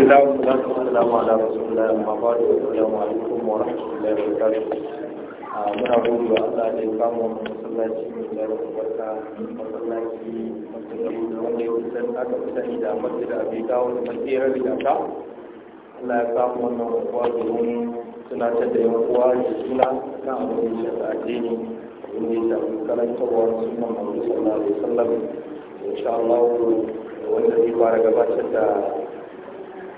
الله والصلاة والسلام على رسول الله أما بعد السلام عليكم ورحمة الله وبركاته muna gode wa Allah da ya kama masallaci mai zara barka masallaci wanda ya kusan aka sani da masjid abi dawo da masjid da ta Allah ya kama wannan kuwa domin tunatar da yan uwa da suna kan abin da shafi addini inda ya shafi karantarwa sunan Muhammad sallallahu alaihi fara gabatar da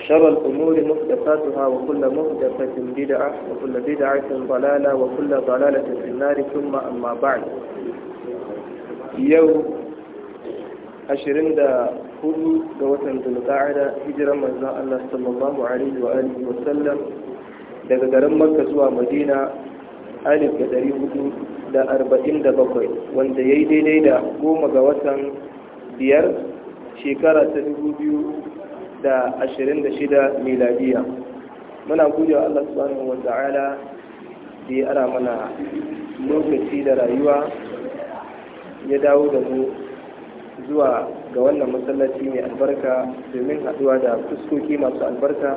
شر الأمور محدثاتها وكل محدثة بدعة وكل بدعة ضلالة وكل ضلالة في النار ثم أما بعد يوم أشرين دا هدو دوة ذو القاعدة هجرة مزاء الله صلى الله عليه وآله وسلم دا garin Makka zuwa Madina alif da دا أربعين دا arba'in وان دا wanda ya yi daidai بيار goma تنبو بيو da ashirin da shida miladiya muna gode Allah subhanahu wa ta'ala da ya ara mana lokaci da rayuwa ya dawo da mu zuwa ga wannan masallaci mai albarka domin haɗuwa da fuskoki masu albarka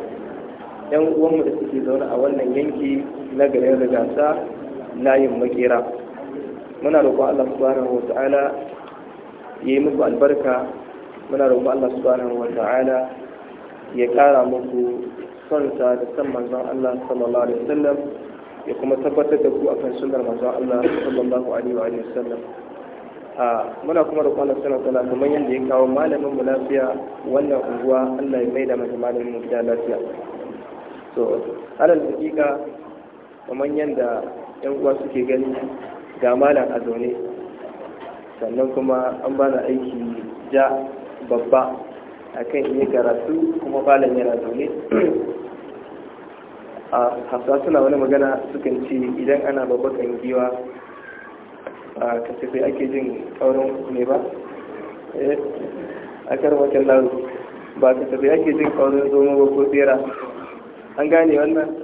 yan uwanmu da suke zaune a wannan yanki na garin rigasa layin makera muna roƙon Allah subhanahu wa ta'ala ya yi muku albarka muna roƙon Allah subhanahu wa ta'ala ya ƙara muku sonsa da san manzon Allah sallallahu alaihi wasallam ya kuma tabbatar da ku akan sunnar manzon Allah sallallahu alaihi wa sallam a muna kuma roƙon Allah subhanahu wataala kamar yadda ya kawo malamin mu lafiya wannan unguwa Allah ya mai da mai malamin mu lafiya so alal hakika kamar yadda yan uwa suke gani ga malam a zaune sannan kuma an bana aiki ja babba akan iya karatu kuma falon yana zaune a hafsa suna wani magana sukan ce idan ana babbakan giwa a kasafai ake jin kaurin ne ba eh, a karmakin lauru ba kasafai ake jin kaurin zoma ba ko tsera an gane wannan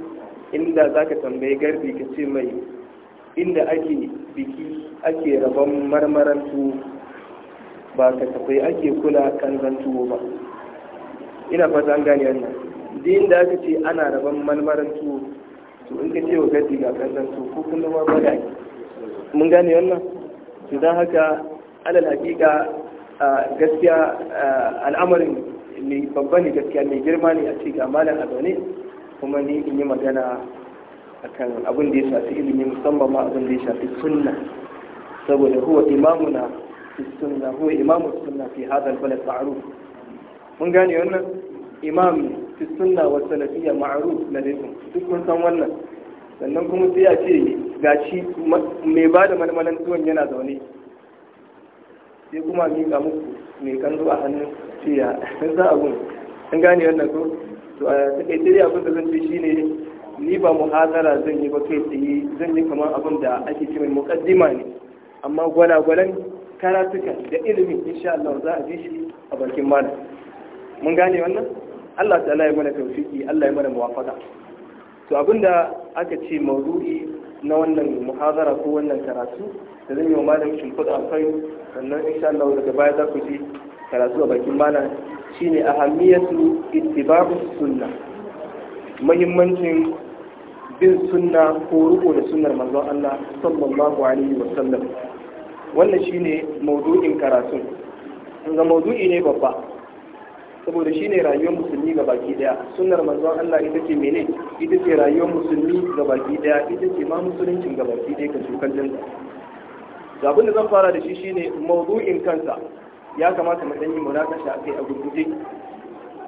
inda za ka tambayi garbi ka ce mai inda ake biki ake rabon marmaran tuwo ba ka tafai ake kula kan zantuwo ba ina fata an gane wannan din da aka ce ana rabon malmaran tuwo to in ka ce wa gadi ga kan zantuwo ko kullum ma ba mun gane wannan to dan haka alal hakika gaskiya al'amarin mai babba ne gaskiya mai girma ne a ce ga malam a kuma ni in yi magana akan abin da ya shafi ilimi musamman ma abin da ya shafi sunna saboda huwa imamuna fi sunna huwa imamu sunna fi hadha al-balad ma'ruf mun gane wannan imam fi sunna wa salafiyya ma'ruf ladaykum duk kun san wannan sannan kuma sai a ce gashi mai ba da malmalan tuwon yana zaune sai kuma a miƙa muku mai kanzo a hannun ciya za a gun an gane wannan ko to a takaice dai abin da zan ce shine ni ba muhazara zan yi ba kai tsaye zan yi kamar abin da ake cewa muqaddima ne amma gwalagwalan karatuka da ilimi insha Allah za a ji shi a bakin mana, mun gane wannan Allah ta'ala ya mana tawfiki Allah ya mana muwafaqa to abinda aka ce mawdu'i na wannan muhazara ko wannan karatu da zan yi wa malam shimfiɗa a kai sannan insha Allah daga baya za ku ji karatu a bakin mana, shine ahammiyatu ittiba'u sunnah muhimmancin bin sunna ko rubuta da sunnar manzon Allah sallallahu alaihi wa sallam wannan shine maudu'in karatun ga maudu'i ne babba saboda shine rayuwar musulmi ga baki daya sunar manzon Allah ita ce mene ita ce rayuwar musulmi ga baki daya ita ce ma musuluncin ga baki daya ka shukan dinka ga da zan fara da shi shine maudu'in kansa ya kamata mu dan yi munakasha akai a gurguje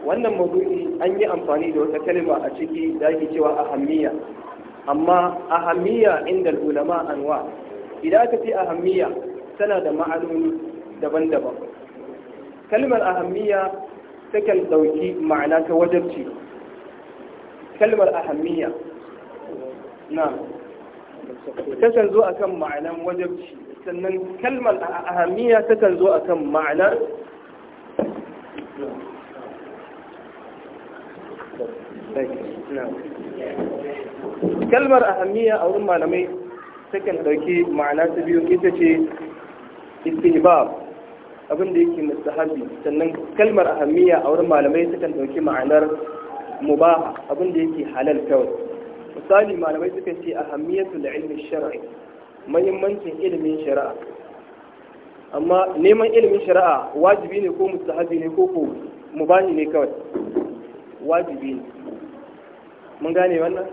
wannan maudu'i an yi amfani da wata kalma a ciki da ake cewa ahammiya amma ahammiya inda ulama anwa idan aka ce ahammiya tana da ma'anoni daban-daban kalmar ahammiya takan ɗauki ma'ana ta wajabci kalmar ahammiya na takan zo akan ma'anan wajabci sannan kalmar ahammiya takan zo akan ma'ana kalmar ahammiya a wurin malamai takan ɗauki ma'ana ta biyu ita ce istihbab abin da yake mustahabi sannan kalmar ahammiya a wurin malamai sukan dauki ma'anar mubaha abin da yake halal kawai misali malamai suka ce ahammiyatu ilmi shar'i muhimmancin ilimin shari'a amma neman ilimin shari'a wajibi ne ko mustahabi ne ko ko mubahi ne kawai wajibi ne mun gane wannan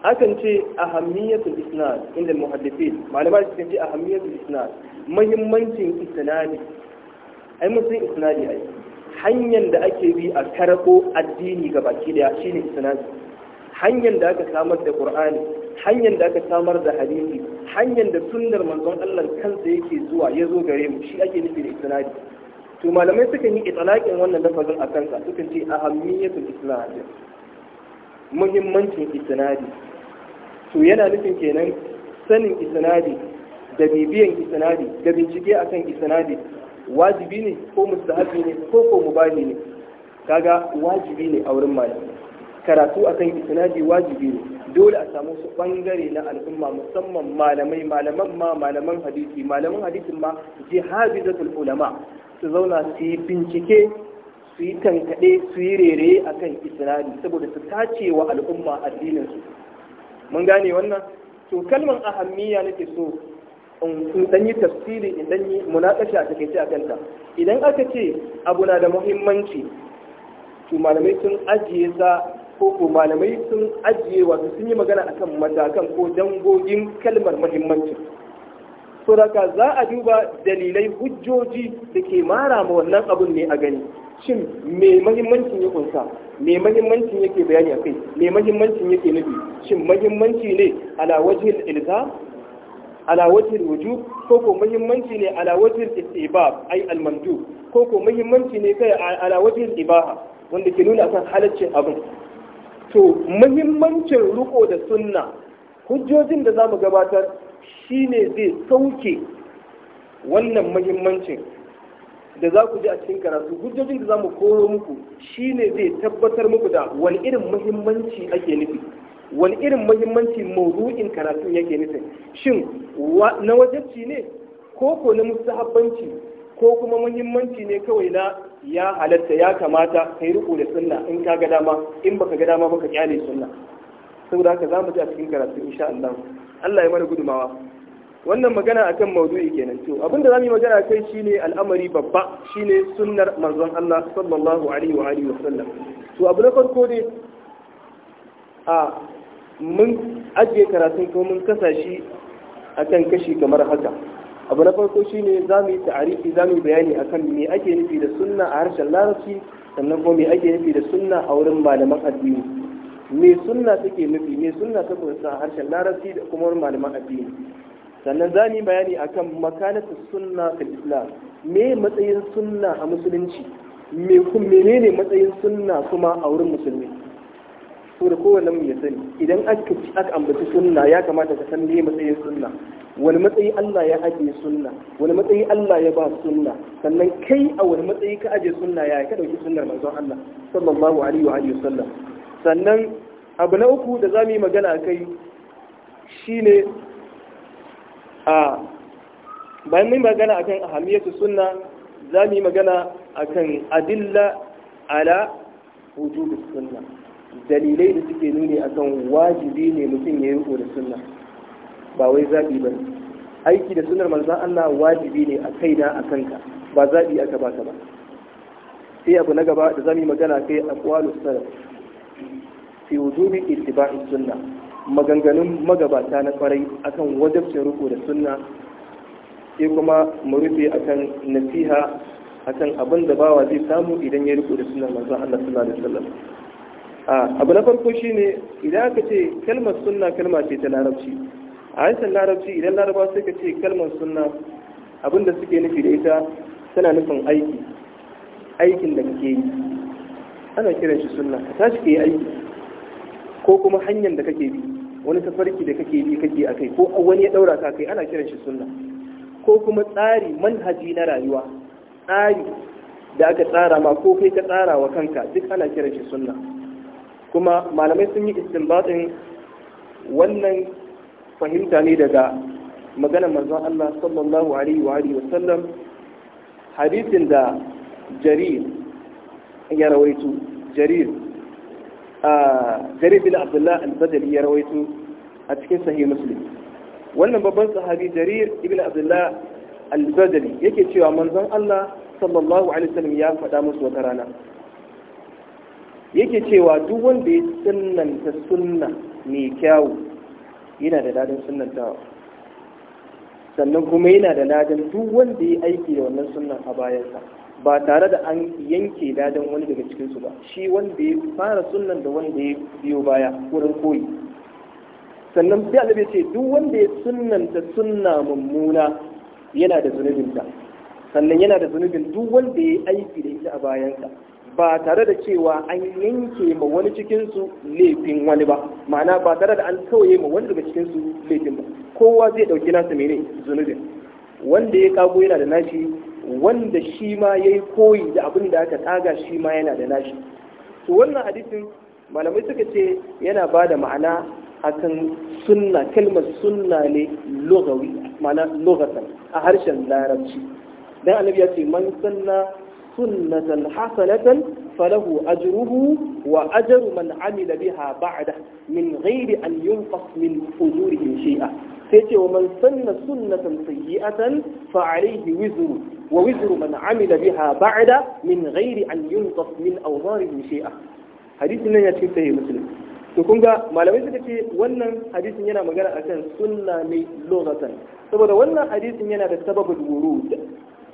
akan ce ahammiyatul isnad inda muhaddithin malamai da suka ce ahammiyatul isnad muhimmancin isnadi ai mun san isnadi ai hanyar da ake bi a karɓo addini ga baki daya shine isnadi hanyar da aka samar da qur'ani hanyar da aka samar da hadisi hanyar da sunnar manzon Allah kansa yake zuwa ya zo gare mu shi ake nufi da isnadi to malamai suka yi itlaqin wannan lafazin a kansa suka ce ahammiyatul isnad muhimmancin isnadi to yana nufin kenan sanin isanadi da bibiyan isanadi da bincike akan isanadi wajibi ne ko mustahabi ne ko ko mubahi ne kaga wajibi ne a wurin malami karatu akan isanadi wajibi ne dole a samu su bangare na al'umma musamman malamai malaman ma malaman hadisi malaman hadisin ma jihabizatul ulama su zauna su yi bincike su yi tankaɗe su yi rere kan isanadi saboda su tace wa al'umma addininsu mun gane wannan to kalman ahammiya nake so in dan yi tafsiri in dan yi munakashi a takaice a kanta idan aka ce abu na da muhimmanci to malamai sun ajiye sa ko ko malamai sun ajiye wato sun yi magana akan matakan ko dangogin kalmar muhimmanci so daga za a duba dalilai hujjoji da ke mara ma wannan abun ne a gani shin me muhimmancin ya kunsa me mahimmancin yake bayani akai me mahimmancin yake nufi shin mahimmanci ne ala wajhil ilzam ala wujub ko ko mahimmanci ne ala wajhil istibab ai al mandub ko ko mahimmanci ne kai ala ibaha wanda ke nuna kan halaccin abin to mahimmancin riko da sunna hujjojin da zamu gabatar shine zai sauke wannan mahimmancin da za ku ji a cikin karatu hujjojin da za mu koro muku shi ne zai tabbatar muku da wani irin muhimmanci ake nufi wani irin muhimmanci maudu'in karatu yake nufi shin na wajabci ne ko ko na mustahabbanci ko kuma muhimmanci ne kawai na ya halatta ya kamata kai riko da sunna in ka ga dama in baka ga dama baka kyale sunna saboda haka za mu ji a cikin karatu insha Allah Allah ya mana gudumawa wannan magana akan maudu'i kenan to abinda mu yi magana kai shine al'amari babba shine sunnar manzon Allah sallallahu alaihi wa alihi wasallam to abu na farko ne a mun ajiye karatun ko mun kasa shi akan kashi kamar haka abu na farko shine mu yi ta'arifi mu yi bayani akan me ake nufi da sunna a harshen larabci sannan kuma me ake nufi da sunna a wurin malaman addini me sunna take nufi me sunna ta sa a harshen larabci da kuma malaman addini sannan za mu yi bayani akan makanatu sunna fil islam me matsayin sunna a musulunci me ne matsayin sunna kuma a wurin musulmi to da kowanne mu ya sani idan aka aka ambaci sunna ya kamata ka san me matsayin sunna wani matsayi Allah ya ajiye sunna wani matsayi Allah ya ba sunna sannan kai a wani matsayi ka ajiye sunna ya ka dauki sunnar manzon Allah sallallahu alaihi wa alihi wasallam sannan abu na uku da za mu yi magana kai shine a bayan mun magana akan ahamiyatu sunna za mu yi magana akan adilla ala da sunna dalilai da suke nuni akan wajibi ne mutum ya yi da sunna ba wai zaɓi ba aiki da sunar manzan Allah wajibi ne a kaina a kanka ba zaɓi aka ta ba sai abu na gaba da za mu yi magana kai a salaf fi wujubi ittiba'i sunna maganganun magabata na kwarai akan wajabcin ruku da sunna sai kuma mu rufe akan nasiha akan abin da bawa zai samu idan ya ruku da suna masu Allah sallallahu alaihi wasallam abu na farko shine idan aka ce kalmar sunna kalma ce ta larabci a harshen larabci idan laraba sai ka ce kalmar sunna abin da suke nufi da ita tana nufin aiki aikin da kake yi ana kiran shi sunna ta tashi ka yi aiki ko kuma hanyar da kake bi wani tafarki da kake bi kake a kai, ko wani ya daura ka kai ana kiran shi sunna ko kuma tsari manhaji na rayuwa tsari da aka tsara ma ko kai ka tsara wa kanka duk ana kiran shi sunna kuma malamai sun yi istinbatin wannan fahimta ne daga maganar manzon Allah sallallahu alaihi wa alihi sallam hadisin da jarir ya rawaito jarir jarir bin abdullah al-badali ya rawaito a cikin sahih muslim wannan babban sahabi jarir ibn abdullah al-badali yake cewa manzon Allah sallallahu alaihi wasallam ya faɗa musu wata rana yake cewa duk wanda ya sunnanta sunna mai kyau yana da dadin sunnantawa sannan kuma yana da ladan duk wanda ya aiki da wannan sunnan a bayansa ba tare da an yanke dadan wani daga cikinsu ba shi wanda ya fara sunan da wanda ya biyo baya wurin koyi sannan sai ya ce duk wanda ya da sunna mummuna yana da zunubinta sannan yana da zunubin duk wanda ya aiki da ita a bayansa ba tare da cewa an yanke ma wani cikinsu laifin wani ba ma'ana ba tare da an kawaye ma wani daga cikinsu laifin ba kowa zai ɗauki nasa mene zunubin wanda ya kago yana da nashi wanda shi ma ya yi koyi da abin da aka tsaga shi ma yana da nashi to wannan hadisin malamai suka ce yana ba da ma'ana akan sunna kalmar sunna ne lugawi ma'ana lugatan a harshen larabci dan annabi ya ce man sunna, sunnatan hasanatan falahu ajruhu wa ajru man amila biha ba'da min ghairi an yunqas min ujurihim shay'a sai ce wa man sanna sunnatan sayyi'atan fa alayhi wizru wa wizru man amila biha ba'da min ghairi an yunqas min awzarihi shay'a hadisin nan ya cikin sai muslim to kun ga malamai suka ce wannan hadisin yana magana akan sunna mai lugatan saboda wannan hadisin yana da sababul wurud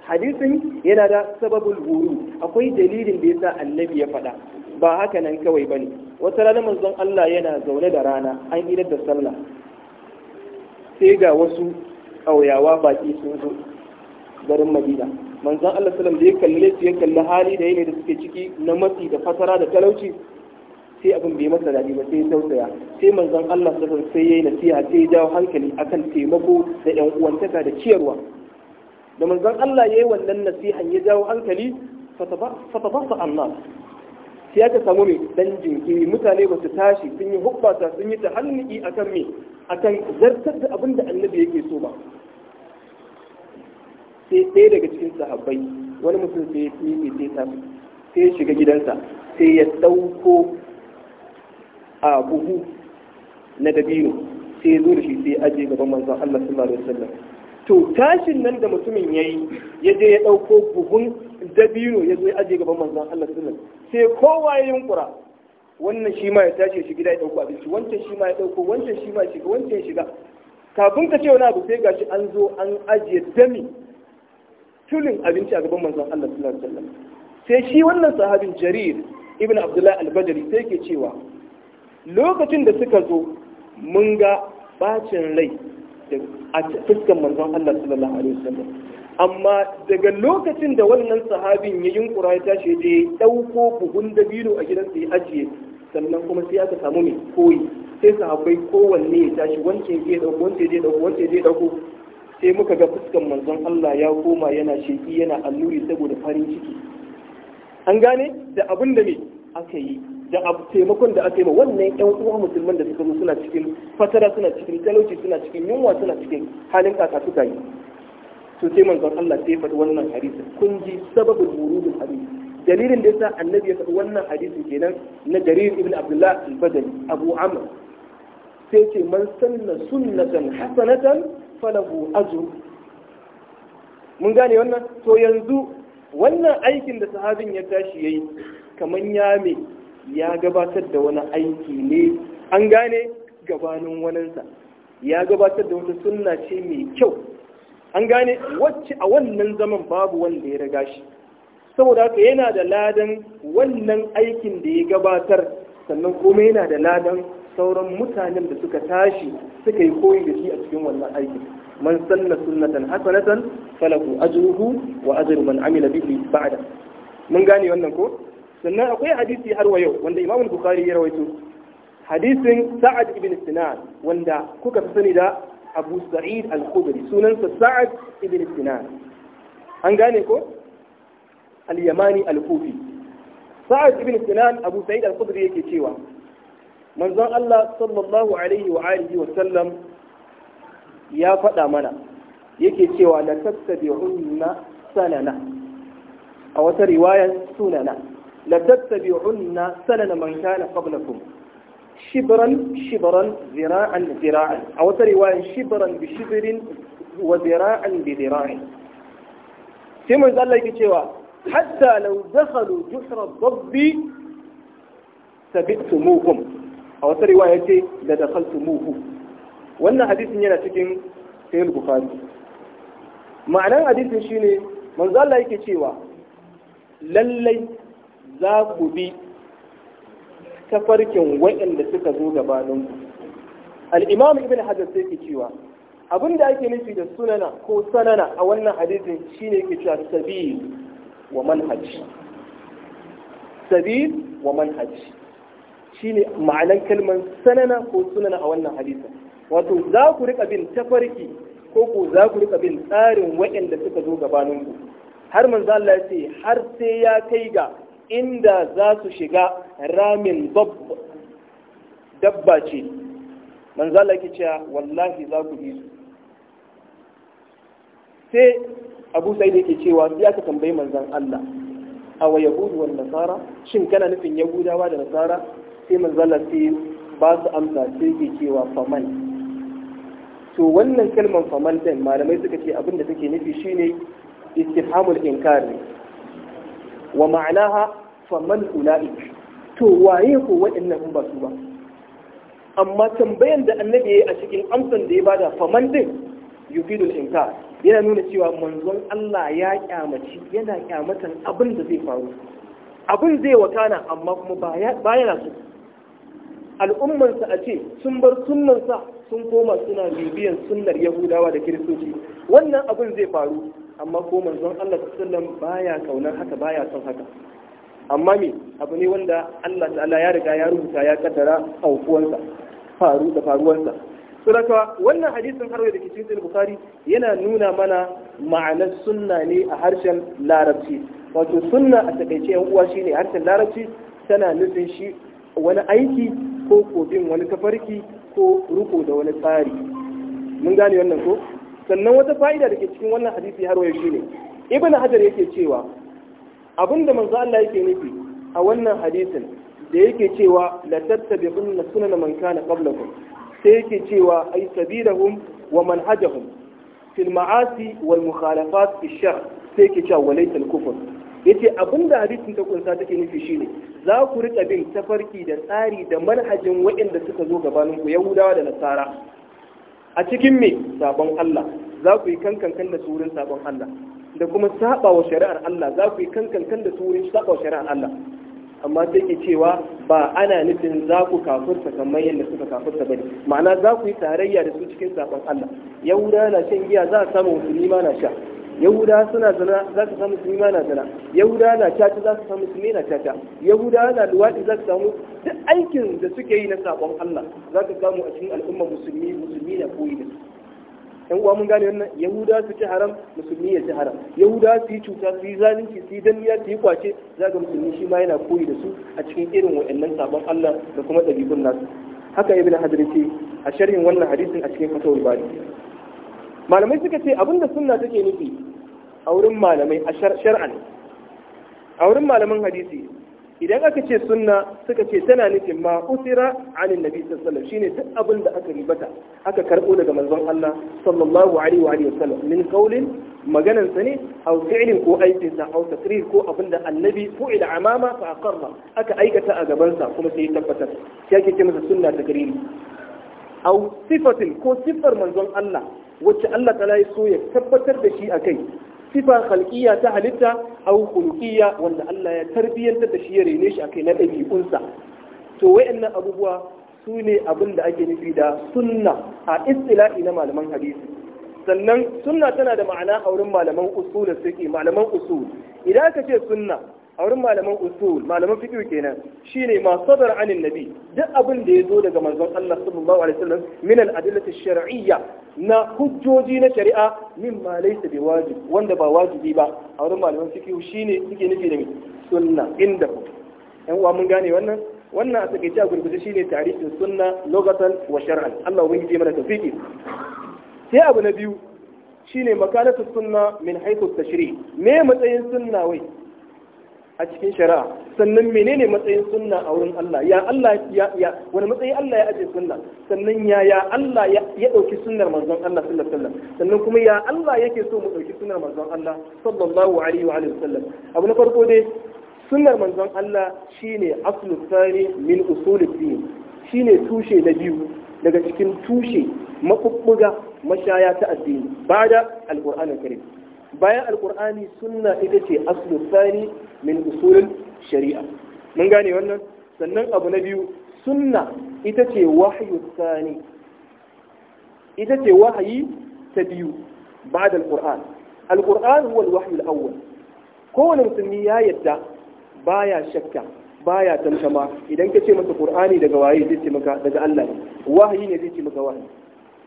hadisin yana da sababul wurud akwai dalilin da yasa annabi ya faɗa ba haka nan kawai bane wata rana manzon Allah yana zaune da rana an idar da sallah sai ga wasu ƙauyawa baƙi sun zo garin madina manzan allah salam da ya kalli su ya kalli hali da yanayi da suke ciki na matsi da fatara da talauci sai abin bai masa daɗi ba sai tausaya sai manzan allah salam sai ya yi nasiha sai ya jawo hankali akan taimako da yan uwantaka da ciyarwa da manzan allah ya yi wannan nasihan ya jawo hankali fatabasa allah sai aka samu mai dan jinkiri mutane ba su tashi sun yi hukbata sun yi tahalliki akan me akan zartar da abin da annabi yake so ba sai ɗaya daga cikin sahabbai wani mutum sai ya miƙe sai sai ya shiga gidansa sai ya ɗauko a buhu na dabino sai ya zo da shi sai ya ajiye gaban manzo Allah sallallahu alaihi wasallam to tashin nan da mutumin yayi ya je ya ɗauko buhun dabino ya zo ya ajiye gaban manzo Allah sallallahu alaihi wasallam sai kowa ya yunkura wannan shi ma ya tashi shi gida ya ɗauko abinci wancan shi ma ya ɗauko wancan shi ma ya shiga wancan ya shiga kafin ka ce wani abu sai gashi an zo an ajiye dami tulin abinci a gaban manzon Allah sallallahu alaihi wasallam sai shi wannan sahabin Jarir ibn Abdullah al-Badri sai ke cewa lokacin da suka zo mun ga bacin rai da a fuskan manzon Allah sallallahu alaihi wasallam amma daga lokacin da wannan sahabin ya yunkura ya tashi je ya ɗauko buhun dabino a gidan sai ajiye sannan kuma sai aka samu mai koyi sai sahabbai kowanne ya tashi wance ya ɗauko wance ya ɗauko wance ya ɗauko sai muka ga fuskan manzon Allah ya koma yana sheki yana alluri saboda farin ciki an gane da abin da ne aka yi da abu taimakon da aka yi wannan ƴan uwa musulman da suka zo suna cikin fatara suna cikin talauci suna cikin yunwa suna cikin halin kaka suka yi to sai manzon Allah sai faɗi wannan hadisi kun ji sababul wurudul hadisi dalilin da yasa annabi ya faɗi wannan hadisi kenan na jarir ibn abdullah al badri abu amr sai ce man sanna sunnatan hasanatan falahu ajr mun gane wannan to yanzu wannan aikin da sahabin ya tashi yayi kaman ya me ya gabatar da wani aiki ne an gane gabanin wanansa ya gabatar da wata sunna ce mai kyau an gane wacce a wannan zaman babu wanda ya riga shi saboda haka yana da ladan wannan aikin da ya gabatar sannan kuma yana da ladan sauran mutanen da suka tashi suka yi koyi da shi a cikin wannan aikin man sanna sunnatan hasanatan falahu ajruhu wa ajru man amila bihi ba'da mun gane wannan ko sannan akwai hadisi har wa yau wanda Imam Bukhari ya rawaito hadisin Sa'ad ibn Sinan wanda kuka fi sani da abu sa'id al-khudri sunansa sa'ad ibn sinan an gane ko al-yamani al-kufi sa'ad ibn sinan abu sa'id al-khudri yake cewa manzon Allah sallallahu alaihi wa alihi wa sallam ya faɗa mana yake cewa la tattabi'unna sanana a wata riwayar sunana la tattabi'unna sanana man kana qablakum shibran shibran zira'an zira'an a wata riwayan shibran bi shibrin wa zira'an bi zira'in sai mun Allah yake cewa hatta law dakhalu juhra dabbi sabittumuhum a wata riwaya ce da dakhaltumuhu wannan hadisin yana cikin sahih bukhari ma'anar hadisin shine manzo Allah yake cewa lallai za ku bi tafarkin waɗanda suka zo gabanin al ibn hajar sai ke cewa abin da ake nufi da sunana ko sanana a wannan hadisin shine ke cewa sabi wa manhaji. sabi wa manhaji shine ma'anar kalmar sanana ko sunana a wannan hadisin wato za ku rika bin tafarki ko ku za ku rika bin tsarin waɗanda suka zo gabanin ku har manzo Allah ya ce har sai ya kai ga inda za su shiga ramin dabba ce manzala ki cewa wallahi za ku bi su sai abu sai da ke cewa ya aka tambayi manzan Allah a wa yahudu wa nasara shin kana nufin yahudawa da nasara sai manzala sai ba su amsa sai ke cewa faman to wannan kalmar faman din malamai suka ce abinda take nufi shine istifhamul inkari wa ma'anaha faman ula'i to waye ko waɗannan basu ba su ba amma tambayan da annabi ya yi a cikin amsan da ya bada faman din yufidul inka yana nuna cewa manzon Allah ya kyamaci yana kyamatan abin da zai faru abin zai wakana amma kuma ba yana so al'ummansa a ce sun bar sa sun koma suna bibiyan sunnar yahudawa da kiristoci wannan abin zai faru amma ko manzon Allah sallallahu baya kaunar haka baya son haka amma me abu ne wanda Allah ta'ala ya riga ya rubuta ya kaddara aukuwansa faru da faruwansa sadaka wannan hadisin harwaye da ke cikin bukhari yana nuna mana ma'anar sunna ne a harshen larabci wato sunna a takaice yan uwa shine harshen larabci tana nufin shi wani aiki ko kodin wani tafarki ko ruko da wani tsari mun gane wannan ko sannan wata fa'ida da ke cikin wannan hadisi har shi ne. ibn hajar yake cewa abinda manzo Allah yake nufi a wannan hadisin da yake cewa la tattabi'unna sunan man kana qablakum sai yake cewa ay sabilahum wa manhajahum fil ma'asi wal mukhalafat fi shar sai yake cewa walaysa kufr yace abinda hadisin ta kunsa take nufi shine za ku rika bin tafarki da tsari da manhajin waɗanda suka zo gabaninku yahudawa da nasara a cikin me sabon Allah za ku yi kankan da su sabon Allah da kuma saba wa shari'ar Allah za ku yi kankan da su saba wa shari'ar Allah amma sai ke cewa ba ana nufin za ku kafurta kamar yadda suka kafurta bane ma'ana za ku yi tarayya da su cikin sabon Allah yahuda na shan giya za a samu musulmi ma na sha yahuda suna zana za su samu musulmi ma na zana yahuda na caca za su samu musulmi na caca yahuda na luwaɗi za su samu duk aikin da suke yi na sabon Allah za ka samu a cikin al'umma musulmi musulmi na koyi da su yan uwa mun gane wannan yahuda su ci haram musulmi ya ci haram yahuda su yi cuta su yi zalunci su yi danniya su yi kwace za ka musulmi shi ma yana koyi da su a cikin irin wa'annan sabon Allah da kuma ɗabi'un nasu haka ibn hajar a sharhin wannan hadisin a cikin fatawul bari malamai suka ce abinda sunna take nufi a wurin malamai a shar'an a wurin malaman hadisi idan aka ce sunna suka ce tana nufin ma usira anin nabi sallallahu alaihi shine duk abin da aka ribata aka karbo daga manzon Allah sallallahu alaihi wa alihi wasallam min qawlin maganan sa ne aw fi'lin ko aikin sa aw tasrir ko abin da annabi fu'ila amama fa aqarra aka aikata a gaban sa kuma sai ya tabbatar shi ake ce masa sunna takriri aw sifatin ko sifar manzon Allah wacce Allah ta ya so ya tabbatar da shi a kai sifa halkiya ta halitta au hulkiya wanda Allah ya tarbiyyantar da shi ya rene shi a kai na ɗabi'unsa to wayannan abubuwa su ne abin da ake nufi da sunna a istila'i na malaman hadisi sannan sunna tana da ma'ana a wurin malaman usul da suke malaman usul idan aka ce sunna a wurin malaman usul malaman fiqh kenan shine ma sadar anin nabi duk abin da ya zo daga manzon Allah sallallahu alaihi wasallam min al adillati shar'iyya na hujjoji na shari'a min ma laysa bi wajib wanda ba wajibi ba a wurin malaman fiqh shine suke nufi da sunna inda ku yan uwa mun gane wannan wannan a takaice a gurguje shine tarihin sunna lugatan wa shar'an Allah ubangiji mana tawfiki sai abu na biyu shine makalatu sunna min haythu tashri me matsayin sunna wai a cikin shari'a sannan menene matsayin sunna a wurin Allah ya Allah ya ya wani matsayi Allah ya aje sunna sannan ya ya Allah ya dauki sunnar manzon Allah sallallahu alaihi wasallam sannan kuma ya Allah yake so mu dauki sunnar manzon Allah sallallahu alaihi wa alihi wasallam abu na farko dai sunnar manzon Allah shine aslu tsari min usulid din shine tushe na biyu daga cikin tushe mafubbuga mashaya ta addini bada alqur'anul karim bayan alkur'ani sunna ita ce aslu tsari min usulin shari'a mun gane wannan sannan abu na biyu sunna ita ce wahayu tsani ita ce wahayi ta biyu ba da alkur'an alkur'an huwa alwahyu al'awwal kowane musulmi ya yadda baya shakka baya tantama idan ka ce masa qur'ani daga waye zai ce maka daga Allah ne wahayi ne zai ce maka wahayi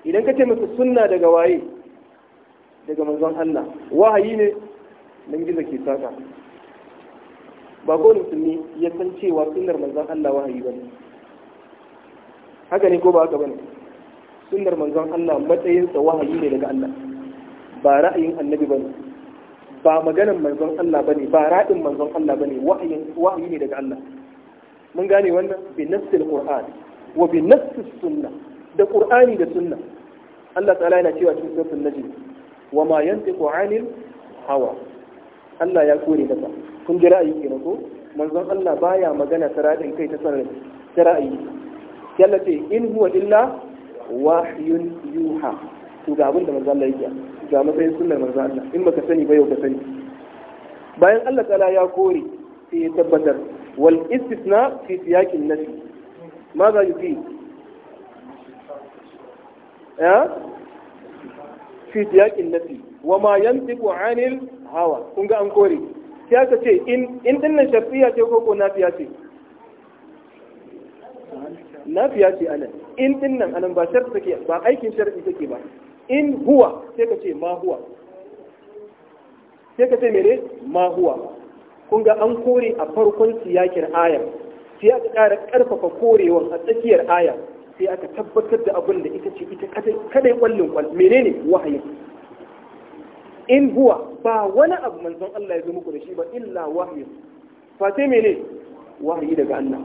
idan ka ce masa sunna daga waye daga manzon Allah wahayi ne nan gizo ke saka ba ko musulmi ya san cewa sunnar manzon Allah wahayi bane haka ne ko ba haka bane sunnar manzon Allah matsayinsa wahayi ne daga Allah ba ra'ayin annabi bane ba maganan manzon Allah bane ba ra'ayin manzon Allah bane wahayin wahayi ne daga Allah mun gane wannan bi nassil qur'an wa bi nassis sunna da qur'ani da sunna Allah ta'ala yana cewa cikin suratul wa ma yantiqu anil hawa Allah ya kore daga kun ji ra'ayi ke ko manzon Allah baya magana ta radin kai ta sanar ta ra'ayi yalla ce in huwa illa wahyun yuha to ga abin da manzon Allah yake ga matsayin sunnar manzon Allah in baka sani ba yau ka sani bayan Allah ta'ala ya kore sai ya tabbatar wal istisna fi ma nafi ماذا يفيد؟ أه؟ fi diyaƙin nafi wa ma yantiqu anil hawa kun ga an kore sai aka ce in dinnan shafiya ce ko ko nafiya ce nafiya ce ana in dinnan anan ba shart take ba aikin sharti take ba in huwa sai ka ce ma huwa sai ka ce mere ma huwa kun ga an kore a farkon siyakin ayar sai aka ƙara ƙarfafa korewa a tsakiyar ayar sai aka tabbatar da abin da ita ce ita kadai kwallin kwal menene wahayin in huwa ba wani abu manzon Allah ya zo muku da shi ba illa wahayin fa sai mene wahayi daga Allah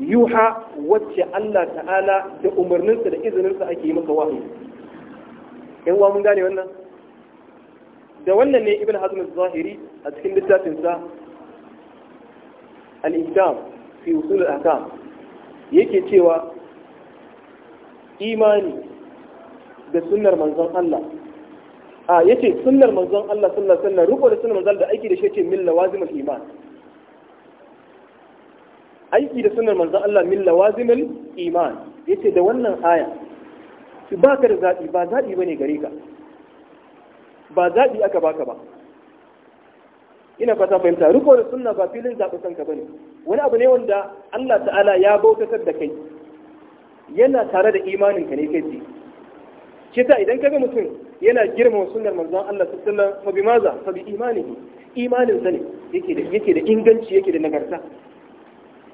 yuha wacce Allah ta'ala da umarninsa da izininsa ake yi masa wahayi yan uwa mun gane wannan da wannan ne ibn hazm az-zahiri a cikin littafinsa al ihdam fi usul al-ahkam yake cewa imani da sunnar manzon Allah a yace sunnar manzon Allah sallallahu alaihi wasallam ruko da sunnar manzon da aiki da shi yace min lawazimul iman aiki da sunnar manzon Allah min lawazimul iman yace da wannan aya ki baka da zabi ba zabi bane gare ka ba zabi aka baka ba ina fata fahimta riko da sunna ba filin zaɓi kanka bane wani abu ne wanda Allah ta'ala ya bautatar da kai yana tare da imanin ka ne kai ce shi ta idan kaga mutum yana girmama sunnar manzon Allah sallallahu alaihi wasallam fa bimaza fa bi imanihi imanin sa ne yake da yake da inganci yake da nagarta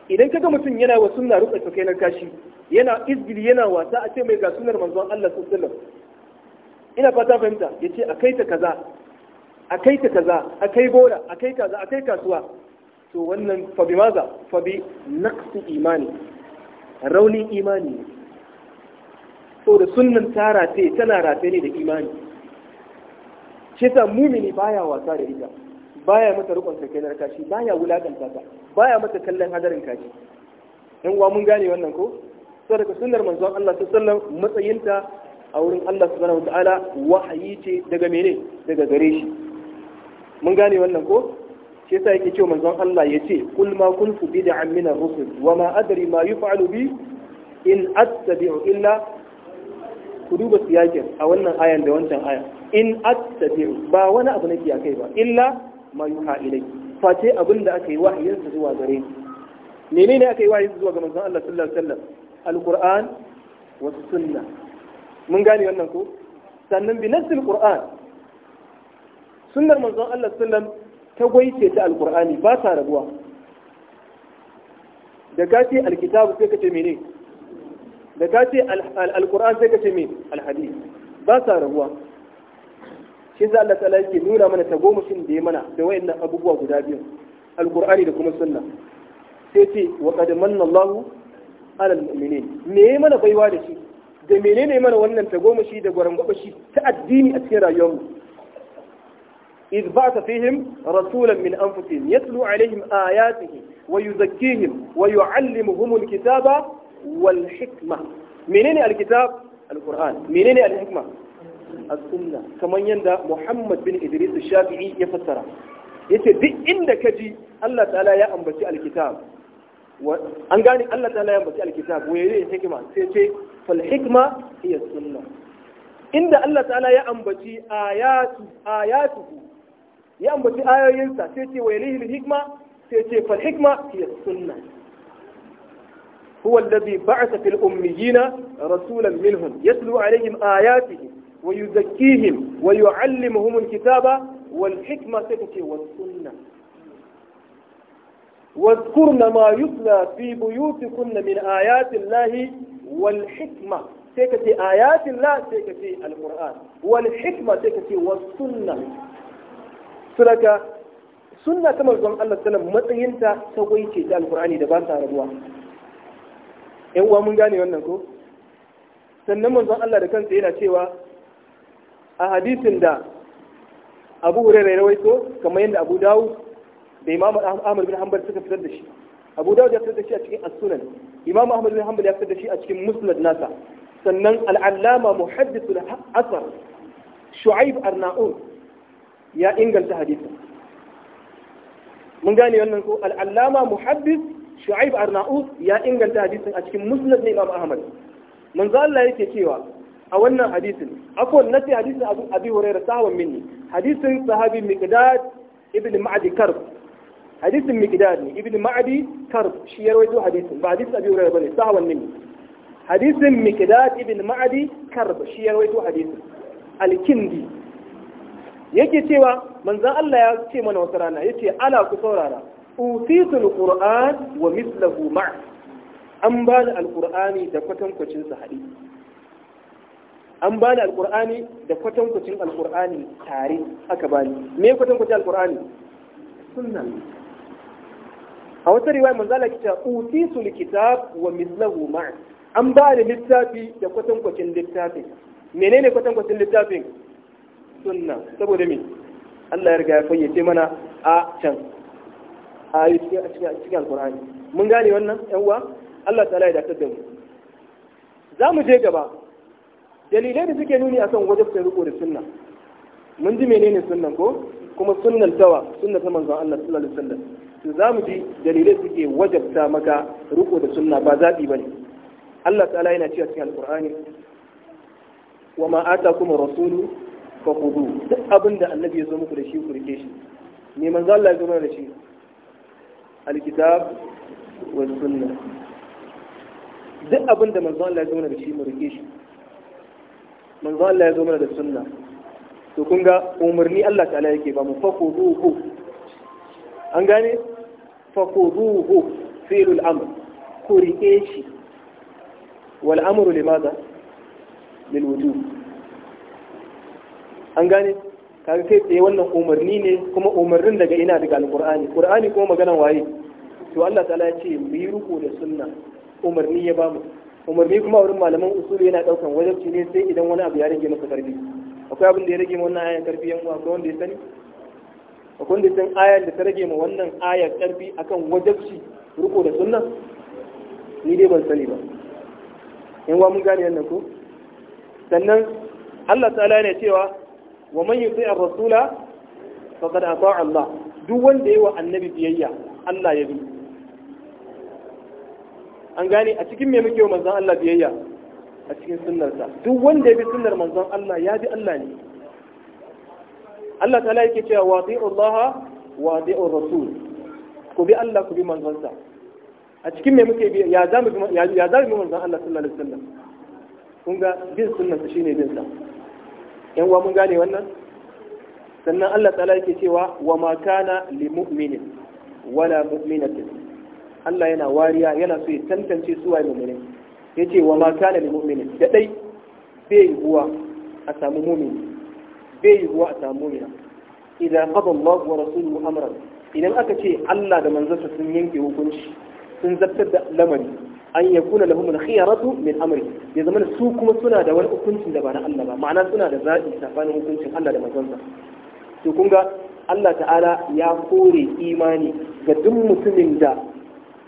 idan kaga mutum yana wa sunna ruka to kai na kashi yana izbili yana wasa a ce mai ga sunnar manzon Allah sallallahu alaihi ina fata fahimta yace akai ta kaza akai ta kaza akai gora akai kaza akai kasuwa to wannan fa bimaza fa bi naqsi imani raunin imani ne so da sunan ta rataye tana rataye ne da imani shi sa mumini baya wasa da ita baya mata rukon kakkenar kashi baya wulakanta ta baya mata kallon hadarin kashi yan uwa mun gane wannan ko sadaka sunar manzon Allah sallallahu alaihi matsayinta a wurin Allah subhanahu wataala wahayi ce daga mene daga gare shi mun gane wannan ko shi yasa yake cewa manzon Allah ya ce kul ma kuntu bid'an min ar-rusul wa ma adri ma yuf'alu bi in attabi'u illa ku duba siyakin a wannan ayan da wancan ayan in attabi'u ba wani abu nake akai ba illa ma yuha ilai face abin da aka yi wahayin sa zuwa gare ni menene aka yi wahayin zuwa ga manzon Allah sallallahu alaihi wasallam alquran wa sunna mun gane wannan ko sannan bi nasil qur'an sunnar manzon Allah sallallahu alaihi wasallam ta gwaice ta alkur'ani ba ta rabuwa da ka ce alkitabu sai ka ce mene da ka ce alkur'an sai ka ce me alhadi ba sa rabuwa shi za Allah ta'ala yake nuna mana ta goma shi da ya mana da wayannan abubuwa guda biyu alkur'ani da kuma sunna sai ce wa qad manna Allahu ala almu'minin me ya mana baiwa da shi da menene mana wannan ta goma shi da gwarangwaba shi ta addini a cikin rayuwarmu إذ بعث فيهم رسولا من أنفسهم يتلو عليهم آياته ويزكيهم ويعلمهم الكتاب والحكمة منين الكتاب؟ القرآن منين الحكمة؟ السنة كما يندى محمد بن إدريس الشافعي يفسر yace duk inda ka ji Allah ta'ala ya ambaci alkitab an gane Allah ta'ala ya ambaci alkitab waye ne ce fal hikma sunna inda Allah ta'ala ya ambaci ayatu ya ambaci ayoyinsa sai ce wa yalihi hikma sai ce fal hikma hiya sunna huwa alladhi ba'atha fil ummiyina rasulan minhum yatlu alaihim ayatihi wa yuzakkihim wa yu'allimuhum alkitaba wal hikma sai ce was sunna واذكرن ما يتلى في بيوتكن من آيات الله والحكمة sai ka ce ayatin la sai ka ce alquran wal hikma sai ka ce was sunna sunaka suna ta manzon Allah sallam matsayinta ta ce ta alkur'ani da ba sa rabuwa yan uwa mun gane wannan ko sannan manzon Allah da kansa yana cewa a hadisin da Abu Hurairah ya rawaito kamar yadda Abu Dawud da Imam Ahmad bin Hanbal suka fitar da shi Abu Dawud ya fitar da shi a cikin As-Sunan Imam Ahmad bin Hanbal ya fitar da shi a cikin Musnad nasa sannan al-Allama muhaddithul asar Shu'aib Arna'un ya inganta hadisin mun gane wannan ko al'allama muhaddis shu'aib arna'us ya inganta hadisin a cikin musnad na imam ahmad manzo Allah yake cewa a wannan hadisin akwai nasi hadisin abi hurairah sahwan minni hadisin sahabi miqdad ibn ma'di karb hadisin miqdad ne ibn ma'di karb shi ya rawaito hadisin ba hadisin abi hurairah bane sahwan minni hadisin miqdad ibn ma'di karb shi ya rawaito hadisin al-kindi yake cewa manzan Allah ya ce mana wata rana yace ala ku saurara utitul qur'an wa mislahu ma an ba da alqur'ani da kwatankwacin sa hadi an ba da alqur'ani da kwatankwacin alqur'ani tare aka bani me kwatankwacin alqur'ani sunna a wata riwaya manzo Allah ya ce utitul kitab wa mislahu ma an ba da littafi da kwatankwacin littafin menene kwatankwacin littafin sunna saboda me Allah ya riga ya fayyace mana a can a yi cikin alkur'an mun gane wannan yan Allah Ta ya dakatar da mu za mu je gaba dalilai da suke nuni akan wajibcin riko da sunna mun ji menene sunnan ko kuma sunnan tawa sunna ta manzon Allah sallallahu alaihi wasallam to za mu ji dalilai suke wajabta maka riko da sunna ba zabi bane Allah ta'ala yana cewa cikin alkur'ani wa ma atakum rasulu fa kudu duk abin da annabi ya zo muku da shi ku rike shi me manzo Allah ya zama da shi alkitab wa sunna duk abin da manzo Allah ya zama da shi mu rike shi manzo Allah ya zama da sunna to kun ga umarni Allah ta'ala yake ba mu fa kuduhu an gane fa kuduhu fi'lul amr ku rike shi wal amru limaza lil wujub an gane kaga kai tsaye wannan umarni ne kuma umarnin daga ina daga alqur'ani qur'ani kuma maganan waye to Allah ta'ala ya ce mu yi ruku da sunna umarni ya bamu umarni kuma wurin malaman usuli yana daukan wajabci ne sai idan wani abu ya rage maka karfi akwai abin da ya rage ma wannan ayar karfi yan uwa akwai wanda ya sani akwai wanda ya san ayar da ta rage ma wannan ayar karfi akan wajabci ruku da sunna ni dai ban sani ba yan uwa mun gane wannan ko sannan Allah ta'ala ne cewa wa man yuti ar-rasula faqad ata'a Allah duk wanda yayi wa annabi biyayya Allah ya bi an gane a cikin me muke wa manzon Allah biyayya a cikin sunnarsa duk wanda ya bi sunnar manzon Allah ya bi Allah ne Allah ta'ala yake cewa wa Allah wa rasul ku bi Allah ku bi manzonsa a cikin me muke bi ya za mu ya za mu manzon Allah sallallahu alaihi wasallam kun ga bin sunnarsa shine bin sa yan uwa mun gane wannan sannan Allah ta'ala yake cewa wa ma kana li mu'minin wala mu'minatin Allah yana wariya yana so ya tantance su wa mu'minin yace wa ma kana li mu'minin da dai bai yiwuwa a samu mu'mini bai yiwuwa a samu mu'mina idan qada Allah wa rasuluhu amran idan aka ce Allah da manzansa sun yanke hukunci sun zartar da lamari an ya kuna lahum khiyaratu min amri ya zama su kuma suna da wani hukuncin da ba na Allah ba ma'ana suna da zaɓi tsakanin hukuncin Allah da manzonsa to kun ga Allah ta'ala ya kore imani ga duk mutumin da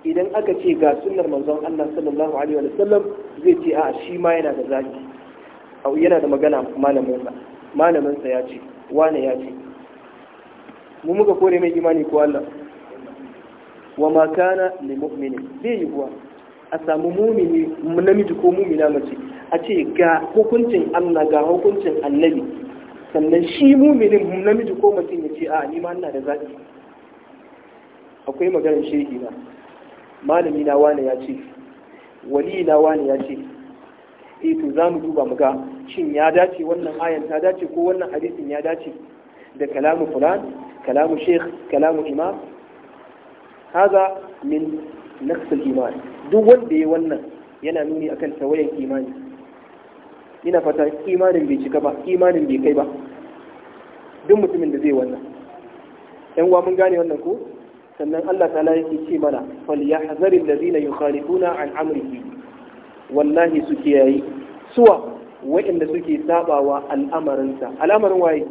idan aka ce ga sunnar manzon Allah sallallahu alaihi wa sallam zai ce a shi ma yana da zaɓi. au yana da magana malaminsa malaminsa ya ce wane ya ce mu muka kore mai imani ko Allah wa ma kana li mu'minin zai yiwuwa a samu mumini namiji ko mumina mace a ce ga hukuncin Allah ga hukuncin annabi sannan shi muminin namiji ko mace ya ce a ni ma ina da zaɓi akwai maganar shehi na malami na wani ya ce wali na wani ya ce E, to za mu duba mu ga shin ya dace wannan ayan ta dace ko wannan hadisin ya dace da kalamu fulan kalamu sheikh kalamu imam haza min naqsul iman duk wanda ya wannan yana nuni akan tawayan imani ina fata imanin bai cika ba imanin bai kai ba duk mutumin da zai wannan yan uwa mun gane wannan ko sannan Allah ta'ala yake ce mana falyahzar alladhina yukhalifuna an amrihi wallahi su kiyayi suwa wa'inda suke sabawa al'amarinsa al'amarin waye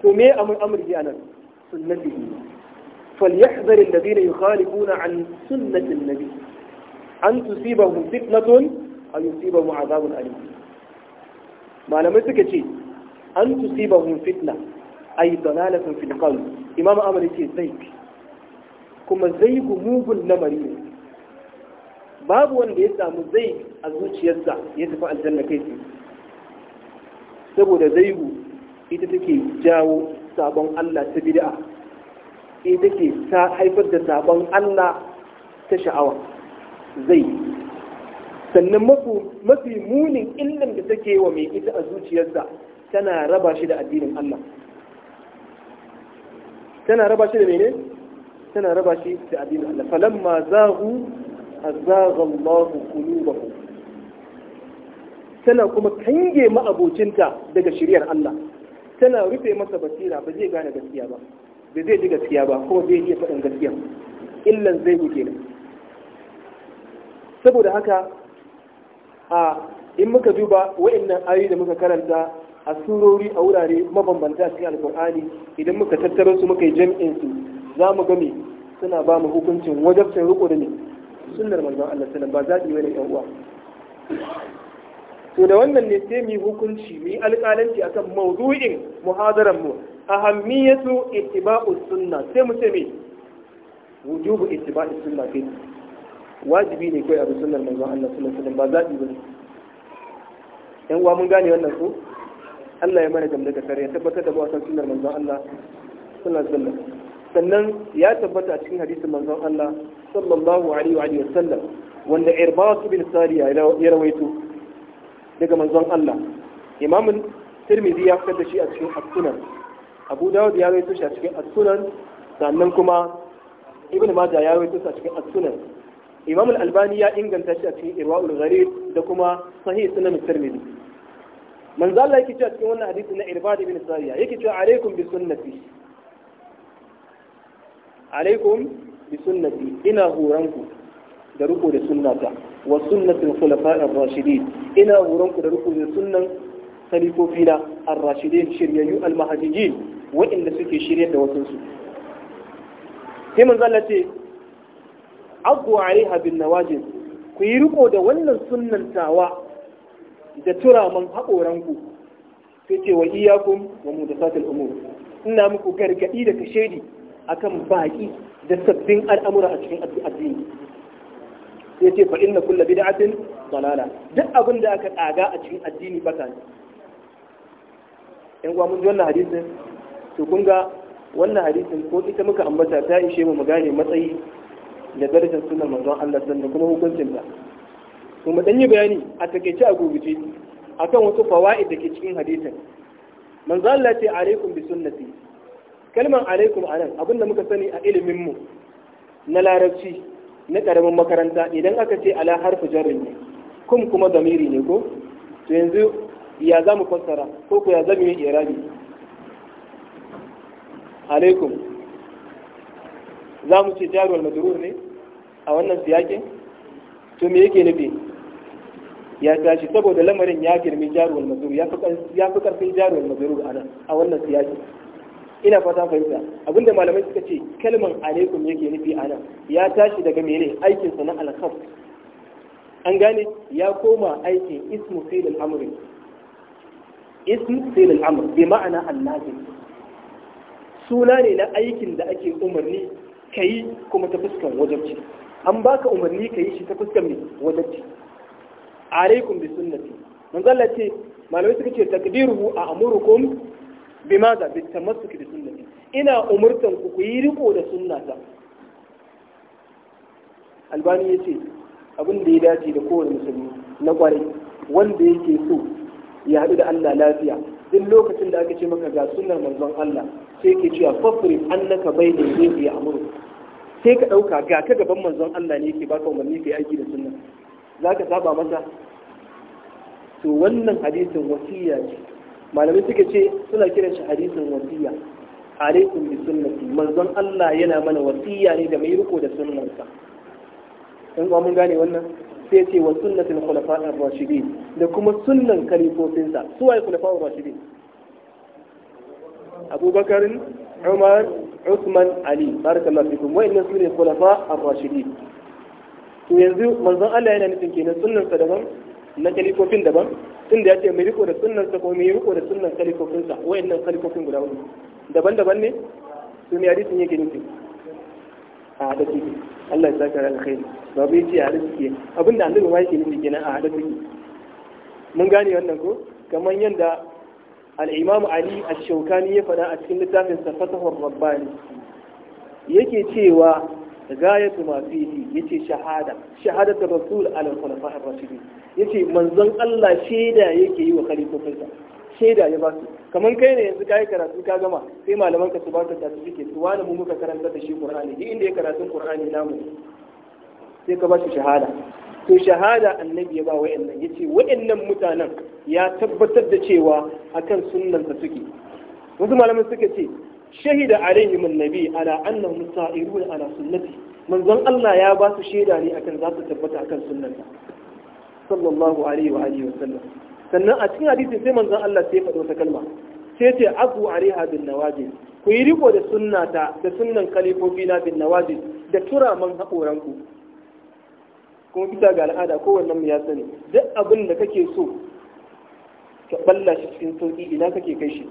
to me amur amurji anan sunnatihi فليحذر الذين يخالفون عن سنة النبي أن تصيبهم فتنة أو يصيبهم عذاب أليم ما لم تكتي أن تصيبهم فتنة أي ضلالة في القلب إمام أمر يتي زيك كما زيك موب النمري باب وان يسا مزيك أزوج يسا يتفع الجنة كيسي سبو زيك إذا تكي جاو sabon Allah ta bid'a ita ke ta haifar da sabon Allah ta sha'awa zai sannan mafi munin illan da take wa mai ita a zuciyarsa tana raba shi da addinin Allah tana raba shi da mene tana raba shi da addinin Allah falamma zahu azagha Allah qulubahum tana kuma kange ma'abocinta daga shiryar Allah tana rufe masa basira ba zai gane gaskiya ba da zai ji gaskiya ba kuma zai iya faɗin gaskiya illan zai yi kenan saboda haka a in muka duba wa'annan ayoyi da muka karanta a surori a wurare mabambanta a cikin alkur'ani idan muka tattara su muka yi jami'in su za mu gami suna ba mu hukuncin wajabcin riko da ne sunnar manzon Allah sallallahu alaihi wasallam ba wani yan uwa to da wannan ne sai mu hukunci mu yi alƙalanci akan mawdu'in muhadaran mu ahammiyatu ittiba'us sunna sai mu ce me wujubu ittiba'us sunna fi wajibi ne kai abu sunnar manzo Allah sallallahu alaihi wasallam ba zabi bane yan uwa mun gane wannan ko Allah ya mana gamda da kare ya tabbatar da mu akan sunnar manzo Allah sallallahu alaihi wasallam sannan ya tabbata a cikin hadisin manzon Allah sallallahu alaihi wa sallam wanda Irbad bin Sariya ya rawaito daga manzon Allah imamun tirmidhi ya fitar da shi a cikin as-sunan abu dawud ya rawaito shi a cikin as-sunan sannan kuma ibn majah ya rawaito shi a cikin as-sunan imam al-albani ya inganta shi a cikin irwaul gharib da kuma sahih sunan tirmidhi manzo Allah yake cewa cikin wannan hadisi na irbad ibn sariya yake cewa alaikum bi sunnati alaikum bi sunnati ina horanku da riko da sunnata wa sunnatul ar rashidin ina wurin ku da riko da sunnan khalifofina ar-rashidin shiryayyu al-mahdiyyin wa'inda suke shiryar da wasansu sai manzo Allah ce abu alaiha bin nawajin ku yi riko da wannan sunnan da turaman haƙoranku sai ce wa iyakun wa mudasatul umur ina muku gargaɗi da kashedi akan baƙi da sabbin al'amura a cikin addini sai ce fa inna kulla abin dalala duk abin da aka tsaga a cikin addini ta ne yan mun ji wannan hadisin to kun ga wannan hadisin ko ita muka ambata ta ishe mu mu gane matsayi da darajar sunan manzon Allah sannan kuma hukuncin ta to mu dan yi bayani a takeice a kan akan wasu fawaid da ke cikin hadisin manzon Allah ce alaikum bi sunnati kalman alaikum anan abinda muka sani a ilimin mu na larabci na ƙaramin makaranta idan aka ce ala harfi jarri ne kum kuma zamiri ne ko to yanzu ya za mu fassara ko ku ya zami mai rabi alaikum za mu ce jarwal majrur ne a wannan siyakin to me yake nufi ya tashi saboda lamarin ya girmi jarwal majrur ya fi karfin jarwal majrur a wannan siyakin ina fata fahimta abinda malamai suka ce kalman alaikum yake nufi a nan ya tashi daga mene aikin na alkhaf an gane ya koma aikin ismu fil al ismu fil amr bi ma'ana al suna ne na aikin da ake umarni kai kuma ta fuskan wajabci an baka umarni kai shi ta fuskan me wajabci alaikum bi sunnati manzo Allah ce malamai suka ce takdiruhu a amurukum bimaza bi tamassuki da sunnati ina umurtan ku ku yi riko da sunnata albani yace abin da ya dace da kowane musulmi na kwarai wanda yake so ya haɗu da Allah lafiya duk lokacin da aka ce maka ga sunnar manzon Allah sai ke cewa fafri annaka bayna yadi ya amuru sai ka ɗauka ga ka gaban manzon Allah ne yake baka umarni kai aiki da sunna zaka saba masa to wannan hadisin wasiya ce malamai suka ce suna kiran shi hadisin wasiya alaikum bi sunnati manzon Allah yana mana wasiya ne da mai riko da sunnarsa in kuma mun gane wannan sai ce wa sunnatul khulafa'ir rashidin da kuma sunnan kalifofinsa su waye khulafa'ir rashidin Abubakar Umar Usman Ali barakallahu fikum wa inna sunnatul khulafa'ir rashidin to yanzu manzon Allah yana nufin kenan sunnarsa daban na kalifofin daban tun da ya ce mai riko da sunan sa ko mai riko da sunan kalifofin sa wayannan kalifofin guda hudu daban-daban ne Su yari sun yake nufi a hadisi suke Allah ya saka alkhairi ba bai ce a ke suke abinda annabi ma yake nufi kenan a hadisi suke mun gane wannan ko kamar yadda al-Imam Ali ash-Shawkani ya faɗa a cikin littafin sa Fathur Rabbani yake cewa gayatu ma ya ce shahada Shahada shahadatu rasul ala khulafa'ir Ya ce manzon Allah shaida yake yi wa khalifofinsa shaida ya ba su kamar kai ne yanzu kayi karatu ka gama sai malaman ka su baka certificate su wani mu muka karanta da shi Qur'ani duk inda ya karatu Qur'ani namu sai ka ba shi shahada to shahada annabi ya ba wa'annan yace wa'annan mutanen ya tabbatar da cewa akan sunnan suke wasu malaman suka ce shahida alaihim annabi ala annahum sa'iruna ala sunnati manzon Allah ya ba su shaida ne akan za su tabbata akan sunnata sallallahu alaihi wa alihi wa sannan a cikin hadisi sai manzon Allah sai faɗi wata kalma sai ce Abu alaiha bin Nawajin, ku yi riko da sunnata da sunnan kalifofi na bin Nawajin da tura turaman haƙoranku kuma bisa ga al'ada mu ya sani duk abin da kake so ka balla shi cikin sauƙi ina kake kai shi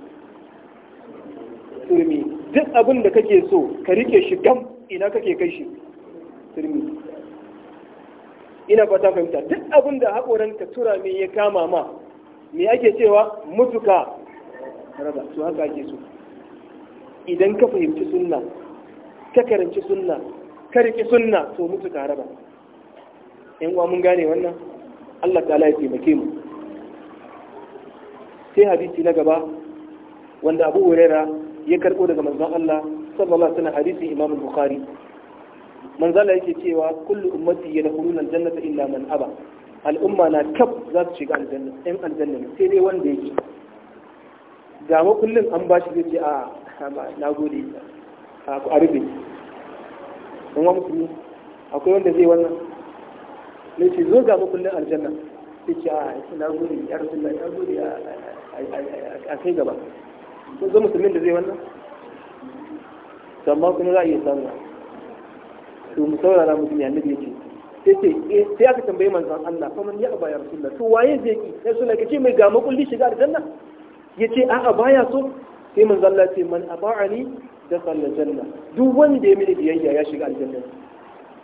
turmi duk abin da kake so ka rike shi gam ina kake kai shi turmi ina fata fahimta duk abin da haƙoran ka tura me ya kama ma me ake cewa mutuka raba to haka ake so idan ka fahimci sunna ka karanci sunna ka rike sunna to mutuka raba yan uwa mun gane wannan Allah ta ya taimake mu sai hadisi na gaba wanda Abu Hurairah ya karɓo daga manzon Allah sallallahu alaihi wasallam hadisi Imam Bukhari manzon Allah yake cewa kullu ummati yadkhuluna al-jannata illa man aba al'umma na kaf za su shiga aljanna in aljanna sai dai wanda yake ga ma kullum an ba shi zai a na gode a ku arbe don wa musulmi akwai wanda zai wannan ne ce zo ga ma kullum aljanna sai ce a na gode ya rasu na gode a kai gaba kun zo musulmin da zai wannan amma kuma za a iya samu to mu saurara mutum ya nabi yake sai ce eh, sai aka tambaye manzon Allah fa man ya aba ya rasulullah to waye zai ki sai suna ce mai ga makulli shiga aljanna yace a a baya so sai manzon Allah ce man aba'ani dakhala janna duk wanda ya mini biyayya ya shiga aljanna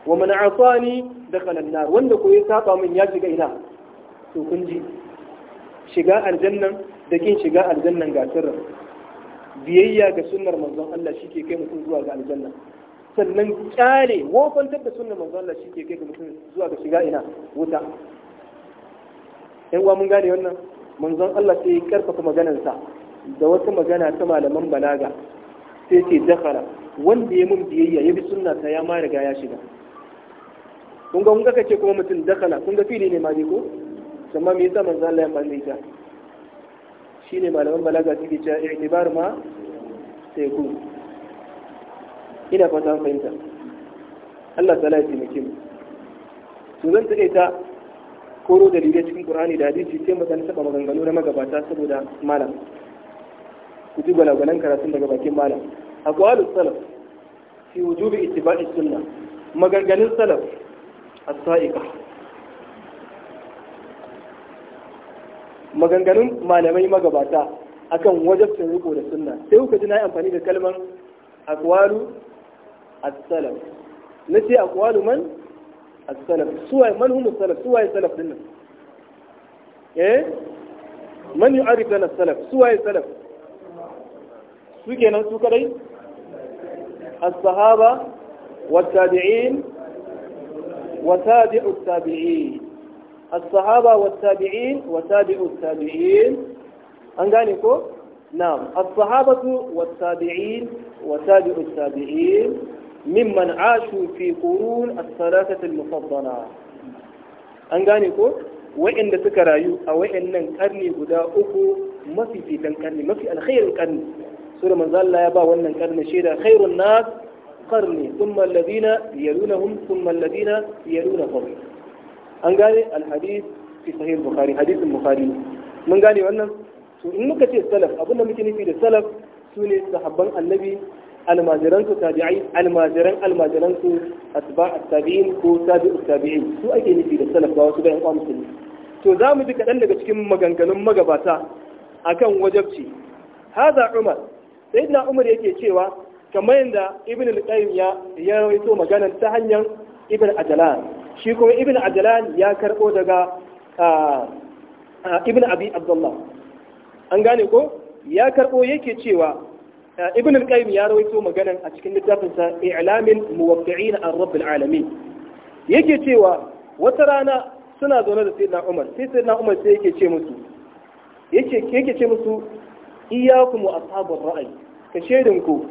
wa man asani da an-nar wanda ko ya saba min ya shiga ina to kun ji shiga aljannan da kin shiga aljannan ga sirrin biyayya ga sunnar manzon Allah shi ke kai mutum zuwa ga aljanna sannan kyale wofantar da sunnar manzon Allah shi ke kai ga mutum zuwa ga shiga ina wuta yan mun gane wannan manzon Allah sai ya karfafa maganarsa da wata magana ta malaman balaga sai ce dakhala wanda ya mun biyayya ya bi sunnata ya ma riga ya shiga kun ga kun ga kuma mutum dakhala kun ga fili ne ma dai ko sannan me yasa manzon Allah ya fara ita ne malaman balaga suke cewa i'tibar ma teku ina fata fahimta Allah ta lafi mu kim to zan take ta koro dalilai cikin Qur'ani da hadisi sai mu saba maganganu na magabata saboda malam ku ji gwalagwalan karatun daga bakin malam aqwalus salaf fi wujubi ittiba'i sunnah maganganun salaf as-sa'iqah maganganun malamai magabata akan wajabcin riko da sunna sai kuka ji na amfani da kalman akwalu as-salaf na ce akwalu man as-salaf suwaye man hum as-salaf suwaye salaf dinnan eh man yu'arif lana as-salaf suwaye salaf su kenan su kadai as-sahaba والتابعين وتابع التابعين الصحابة والتابعين وتابع التابعين أنقانيكو نعم الصحابة والتابعين وتابع التابعين ممن عاشوا في قرون الثلاثة المفضلة أنقانيكو وإن تكرايو أو إن كرني قدا أخو ما في في تنكرني ما في الخير كرني سورة من ذال لا يبا وإن كرني شيدا خير الناس قرني ثم الذين يلونهم ثم الذين يلونهم an gane alhadis fi sahih bukhari hadisin bukhari mun gane wannan to in muka ce salaf abin da muke nufi da salaf sune sahabban annabi almajiran su tabi'ai almajiran almajiran su atba at-tabi'in ko tabi'u tabi'in su ake nufi da salaf ba wasu da yan uwa musulmi to za mu ji kaɗan daga cikin maganganun magabata akan wajabci haza umar sayyidina umar yake cewa kamar yadda ibn al-qayyim ya ya rawaito magana ta hanyar ibn ajalan shi kuma ibn ajlan ya karbo daga ibn abi abdullah an gane ko ya karbo yake cewa ibn al-qayyim ya rawaito maganan a cikin littafinsa i'lamin muwaqqi'in an rabbil alamin yake cewa wata rana suna zaune da sayyidina umar sai sayyidina umar sai yake ce musu yake yake ce musu iyyakum wa ashabur ra'ayi ka ku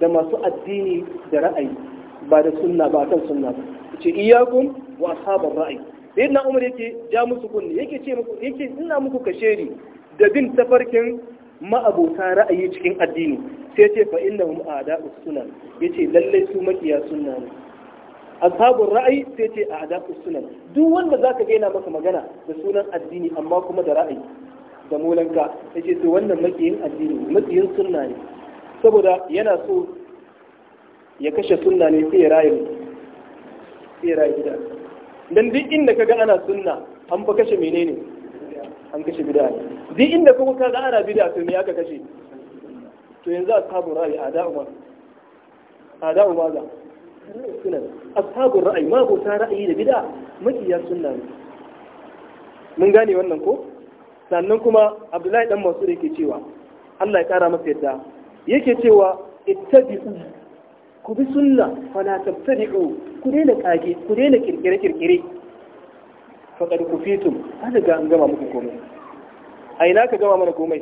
da masu addini da ra'ayi ba da sunna ba kan sunna ba ce iyakun wa ashabar ra'ayi sai na umar yake ja musu kunni yake ce muku yake ina muku ni. da bin tafarkin ma'abota ra'ayi cikin addini sai ce fa hum a'da'u sunan yace lallai su makiya sunna ne ashabun ra'ayi sai ce a sunan duk wanda zaka ka gaina maka magana da sunan addini amma kuma da ra'ayi da molanka ya to wannan makiyin addini makiyin sunna ne saboda yana so ya kashe sunna ne sai ya rayu tsera gida dan duk inda kaga ana sunna an fa kashe menene an kashe bid'a duk inda kuma kaga ana bid'a to me aka kashe to yanzu ashabu ra'ayi ada'u ma ada'u ma za A ashabu ra'ayi ma ko ta ra'ayi da bid'a makiya sunna ne mun gane wannan ko sannan kuma Abdullahi dan da yake cewa Allah ya kara masa yadda yake cewa ittabi'u ku bi sunna fala tabtadi'u ku daina kage ku daina kirkire kirkire faqad kufitum an ga gama muku komai a ina ka gama mana komai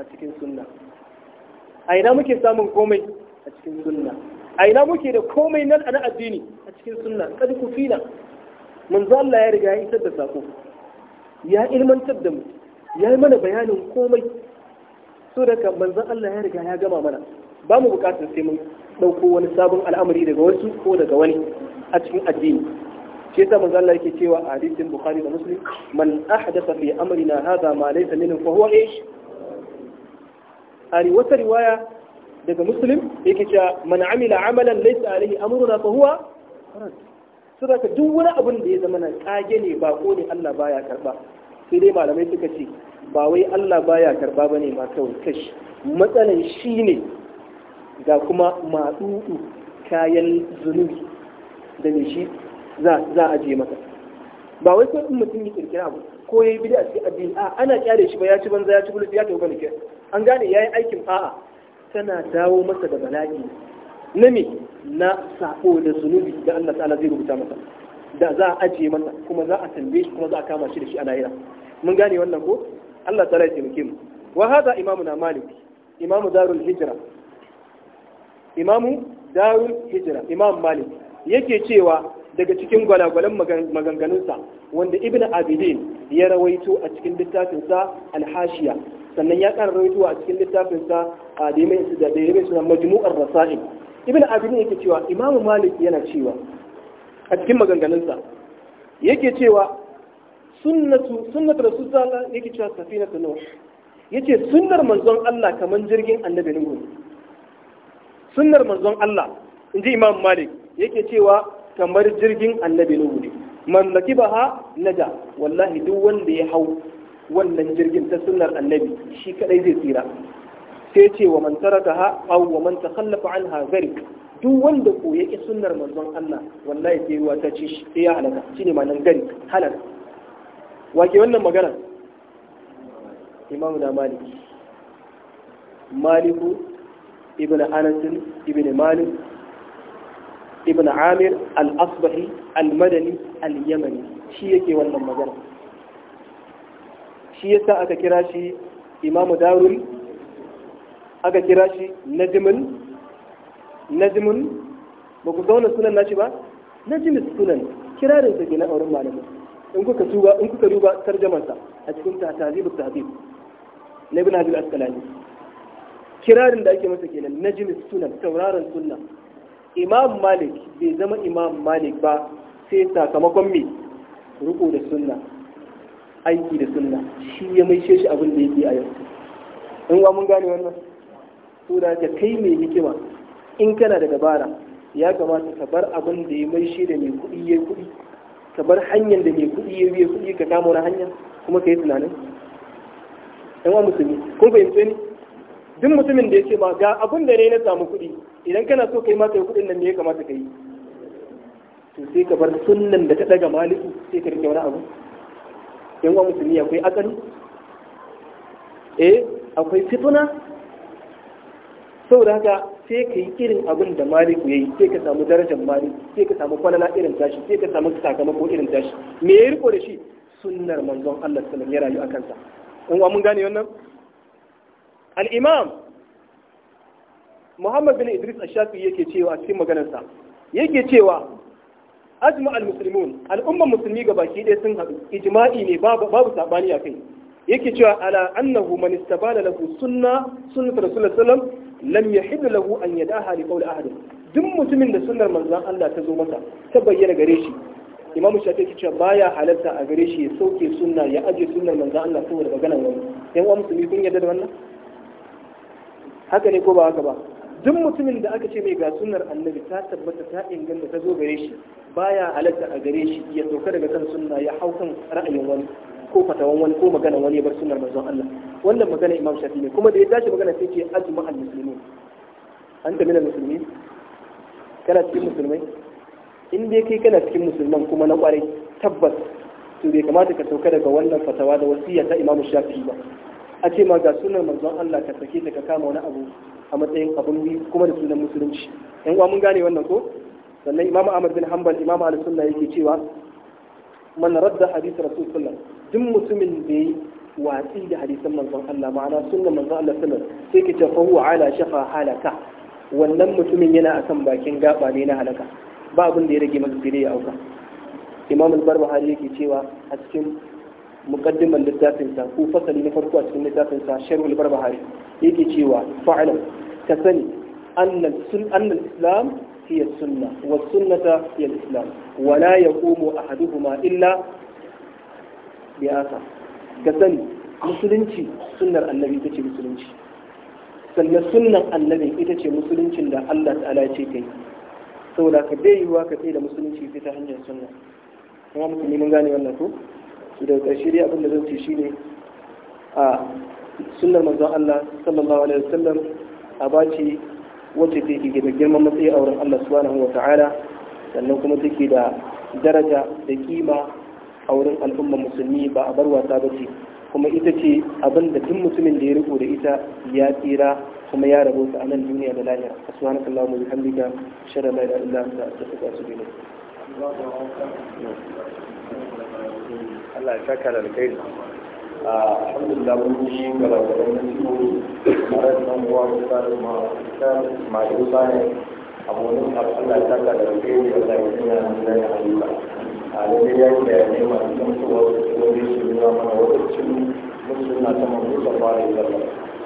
a cikin sunna a ina muke samun komai a cikin sunna a ina muke da komai na addini a cikin sunna kad kufina manzo Allah ya riga ya isar da sako ya ilmantar da mu ya yi mana bayanin komai so daga manzon Allah ya riga ya gama mana ba mu bukatar sai mun ɗauko wani sabon al'amari daga wasu ko daga wani a cikin addini shi yasa manzo Allah yake cewa a hadisin Bukhari da Muslim man ahdatha fi amrina hadha ma laysa minhu fa huwa ish ari wata riwaya daga Muslim yake cewa man amila amalan laysa alayhi amruna fa huwa saboda duk wani abin da ya zama na kage ne ba ko ne Allah baya karba sai dai malamai suka ce ba wai Allah baya karba bane ma kawai kashi matsalan ne. ga kuma matsudu kayan zunubi da ne shi za a je masa ba wai sai mutum yi kirkira ba ko ya yi bidiyar cikin addini a ana kyale shi ba ya ci banza ya ci bulus ya tafi bane an gane ya yi aikin fa'a. tana dawo masa da bala'i na me na sako da zunubi da Allah ta'ala zai rubuta masa da za a ajiye masa kuma za a tambaye shi kuma za a kama shi da shi a lahira mun gane wannan ko Allah ta'ala ya taimake mu wa hada na malik imamu darul hijra imamu darul hijira imam malik yake cewa daga cikin gwalagwalan maganganunsa wanda ibn abidin ya rawaito a cikin littafinsa alhashiya sannan ya ƙara rawaito a cikin littafinsa a da ya su suna majmu'ar rasa'il ibn abidin yake cewa imam malik yana cewa a cikin maganganunsa yake cewa sunnatu sunnatu rasulullah yake cewa safinatu nuh yace sunnar manzon Allah kaman jirgin annabi nuh sunnar manzon Allah in ji imam malik yake cewa kamar jirgin annabi nuhu ne man naqibaha naja wallahi duk wanda ya hau wannan jirgin ta sunnar annabi shi kadai zai tsira sai ce wa man tarakaha aw wa man takhallafa anha zarik duk wanda ko yake sunnar manzon Allah wallahi sai ruwa ta ci shi ya halaka shine nan gari halal wake wannan magana imam da maliki maliku ibn anas ibn malik ibn amir al-asbahi al-madani al-yamani shi yake wannan magana shi yasa aka kira shi imamu daruri aka kira shi najmin najmin ba ku zauna sunan nashi ba najmin sunan kirarin sa na auren malamin in kuka duba in kuka duba tarjamansa a cikin tahzib tahzib na ibn hajar al kirarin da ake masa kenan na jimis sunan tauraron sunan, imam malik bai zama imam malik ba sai sakamakon mai riko da sunna aiki da sunna shi ya mai shi abin da yake a yau in wa mun gane wannan su da ka kai mai hikima in kana da dabara ya kamata ka bar abin da ya shi da mai kuɗi ya kuɗi ka bar hanyar da mai kuɗi ya biya kuɗi ka kama wani hanya kuma ka yi tunanin In wa musulmi kun fahimce ni duk mutumin da ya ce ma ga abin da ne na samu kuɗi idan kana so kai ma kai kuɗin nan ne ya kamata ka yi to sai ka bar sunnan da ta daga maliki sai ka rike wani abu yan uwa musulmi akwai akali eh akwai fituna saboda haka sai ka yi irin abin da maliki ya yi sai ka samu darajar maliki sai ka samu kwalala irin tashi sai ka samu sakamako irin tashi me ya riko da shi sunnar manzon Allah sallallahu alaihi sallam ya rayu akan sa in mun gane wannan al'imam muhammad bin idris ashafi yake cewa a cikin maganarsa yake cewa ajma al musulmun al’umman musulmi ga baki ɗaya sun haɗu ijma'i ne babu sabani a kai yake cewa ala annahu man istabala lahu sunna sunnatu rasulullah sallallahu lam yahillu lahu an yadaha li qawli ahad duk mutumin da sunnar manzon Allah ta zo masa ta bayyana gare shi imam shafi yake cewa baya halatta a gare shi ya sauke sunna ya aje sunnar manzon Allah saboda maganar wani yan uwa musulmi kun yarda da wannan haka ne ko ba haka ba duk mutumin da aka ce mai ga sunnar annabi ta tabbata ta inganta ta zo gare shi baya halatta a gare shi ya sauka daga kan sunna ya hau kan ra'ayin wani ko fatawan wani ko magana wani ya bar sunnar manzon Allah wannan magana Imam Shafi ne kuma da ya tashi magana sai ce ajma al muslimin anta min al muslimin kana cikin musulmai in dai kai kana cikin musulman kuma na kwarai tabbas to bai kamata ka sauka daga wannan fatawa da wasiyya ta Imam Shafi ba a ce ma ga sunan manzon Allah ka sake ta ka kama wani abu a matsayin abun bi kuma da sunan musulunci ɗan uwa mun gane wannan ko sannan Imam Ahmad bin Hanbal Imam al-Sunna yake cewa man radda hadith rasul sallallahu duk mutumin da yi watsi da hadisan manzon Allah ma'ana sunan manzon Allah sallallahu sai ke tafahu huwa ala shafa halaka wannan mutumin yana akan bakin gaba ne na halaka ba abin da ya rage masa sai ya auka imam al-barbahari yake cewa a cikin muqaddiman littafin sa ko fasali na farko a cikin littafin sa sharhul barbahari yake cewa fa'ala ka sani annal sun annal islam hiya sunna wa sunnata hiya islam wa la yaqumu ahaduhuma illa bi asa ka sani musulunci sunnar annabi ita ce musulunci sannan sunnan annabi ita ce musuluncin da Allah ta'ala ya ce kai saboda ka bai yiwuwa ka tsaye da musulunci sai ta hanyar sunna kuma musulmi mun gane wannan ko su daga ƙarshe dai abin da zan ce ne a sunan manzon Allah sallallahu alaihi wasallam a bace wacce take da girman matsayi a wurin Allah subhanahu ta'ala, sannan kuma take da daraja da kima a wurin al'ummar musulmi ba a bar wasa ba ce kuma ita ce abin da duk mutumin da ya riko da ita ya tsira kuma ya rabo ta a nan duniya da lahira subhanak allahumma wa bihamdika shara la ilaha illa anta astaghfiruka wa atubu ilayk Allah ya saka da alkhairi a ah, alhamdulillah mun yi galabarin nasiru tare da nan uwa da tsari ma ta masu tsari abonin Allah ya saka da alkhairi Allah ya sanya da ya halitta a ah, lalle ya yi bayanai masu tsamsuwa da tsohon da nuna mana ta mamu fara yi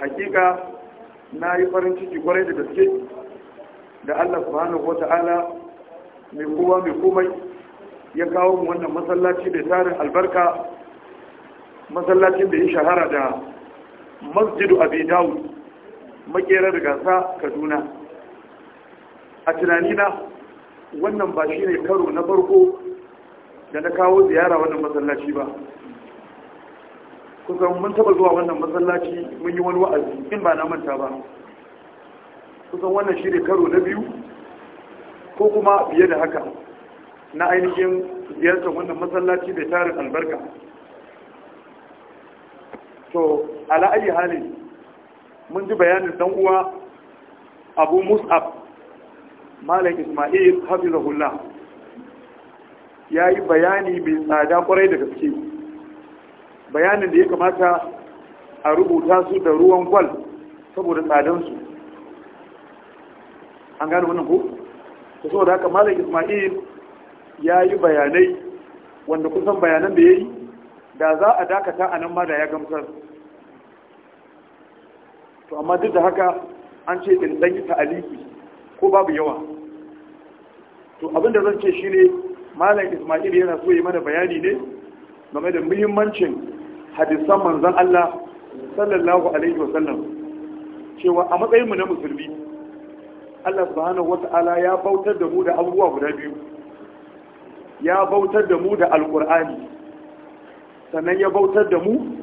hakika na yi farin ciki kwarai da gaske da Allah subhanahu ta'ala mai kowa mai komai ya kawo mu wannan masallaci da tarin albarka masallacin da ya shahara da masjidu abi dawud makerar gasa kaduna a tunanina wannan ba shi ne karo na farko da na kawo ziyara wannan masallaci ba kusan mun taba zuwa wannan masallaci mun yi wani wa'azi in ba na manta ba kusan wannan shi ne karo na biyu ko kuma fiye da haka na ainihin ziyartar wannan masallaci mai tarin albarka to ala'ayi hali mun ji bayanin dan uwa abu mus'ab malam ismail hafizahullah ya yi bayani mai tsada kwarai da gaske bayanin da ya kamata a rubuta su da ruwan kwal saboda tsadansu an gane wannan ko ta saboda haka malam ismail ya yi bayanai wanda kusan bayanan da ya yi da za a dakata a nan ma da ya gamsar to amma duk da haka an ce in dan yi ta'aliki ko babu yawa to abin da zan ce ne malam ismail yana so yi mana bayani ne game da muhimmancin hadisan manzan Allah sallallahu alaihi wasallam cewa a matsayin mu na musulmi Allah subhanahu wata'ala ya bautar da mu da abubuwa guda biyu ya bautar da mu da alkur'ani sannan ya bautar da mu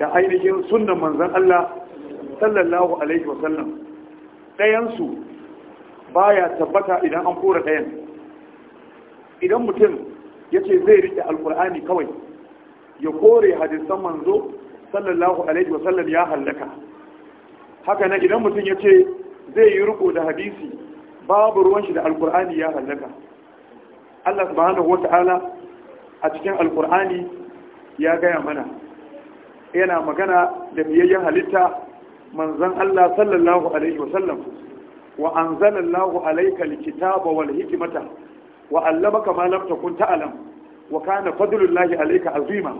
da ainihin sunnan manzan Allah sallallahu alaihi wasallam ɗayansu baya tabbata idan an kora ɗayan idan mutum ya ce zai riƙe alkur'ani kawai ya kore hadisan manzo sallallahu alaihi wasallam ya hallaka haka nan idan mutum ya ce zai yi riko da hadisi babu ruwan shi da alkur'ani ya hallaka Allah subhanahu wata'ala a cikin alkur'ani ya gaya mana yana magana da biyayyen halitta manzon Allah sallallahu alaihi wasallam wa anzalallahu alayka alkitaba wal hikmata wa allamaka ma lam takun ta'lam wa kana fadlullahi alayka azima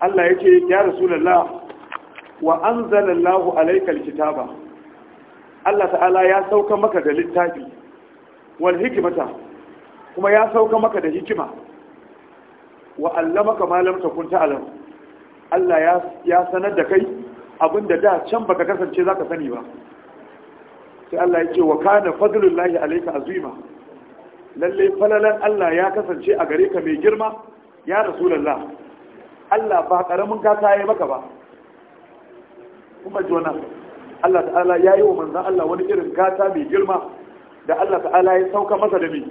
Allah yake ya rasulullah wa anzalallahu alayka alkitaba Allah ta'ala ya sauka maka da littafi wal hikmata kuma ya sauka maka da hikima wa allamaka ma lam takun ta'lam Allah ya ya sanar da kai abinda da can baka kasance zaka sani ba sai Allah yake wa kana fadlullahi alayka azima lallai falalan Allah ya kasance a gare ka mai girma ya rasulallah Allah ba karamin gata ya maka ba kuma jona Allah ta'ala ya yi wa manzan Allah wani irin gata mai girma da Allah ta'ala ya sauka masa da mi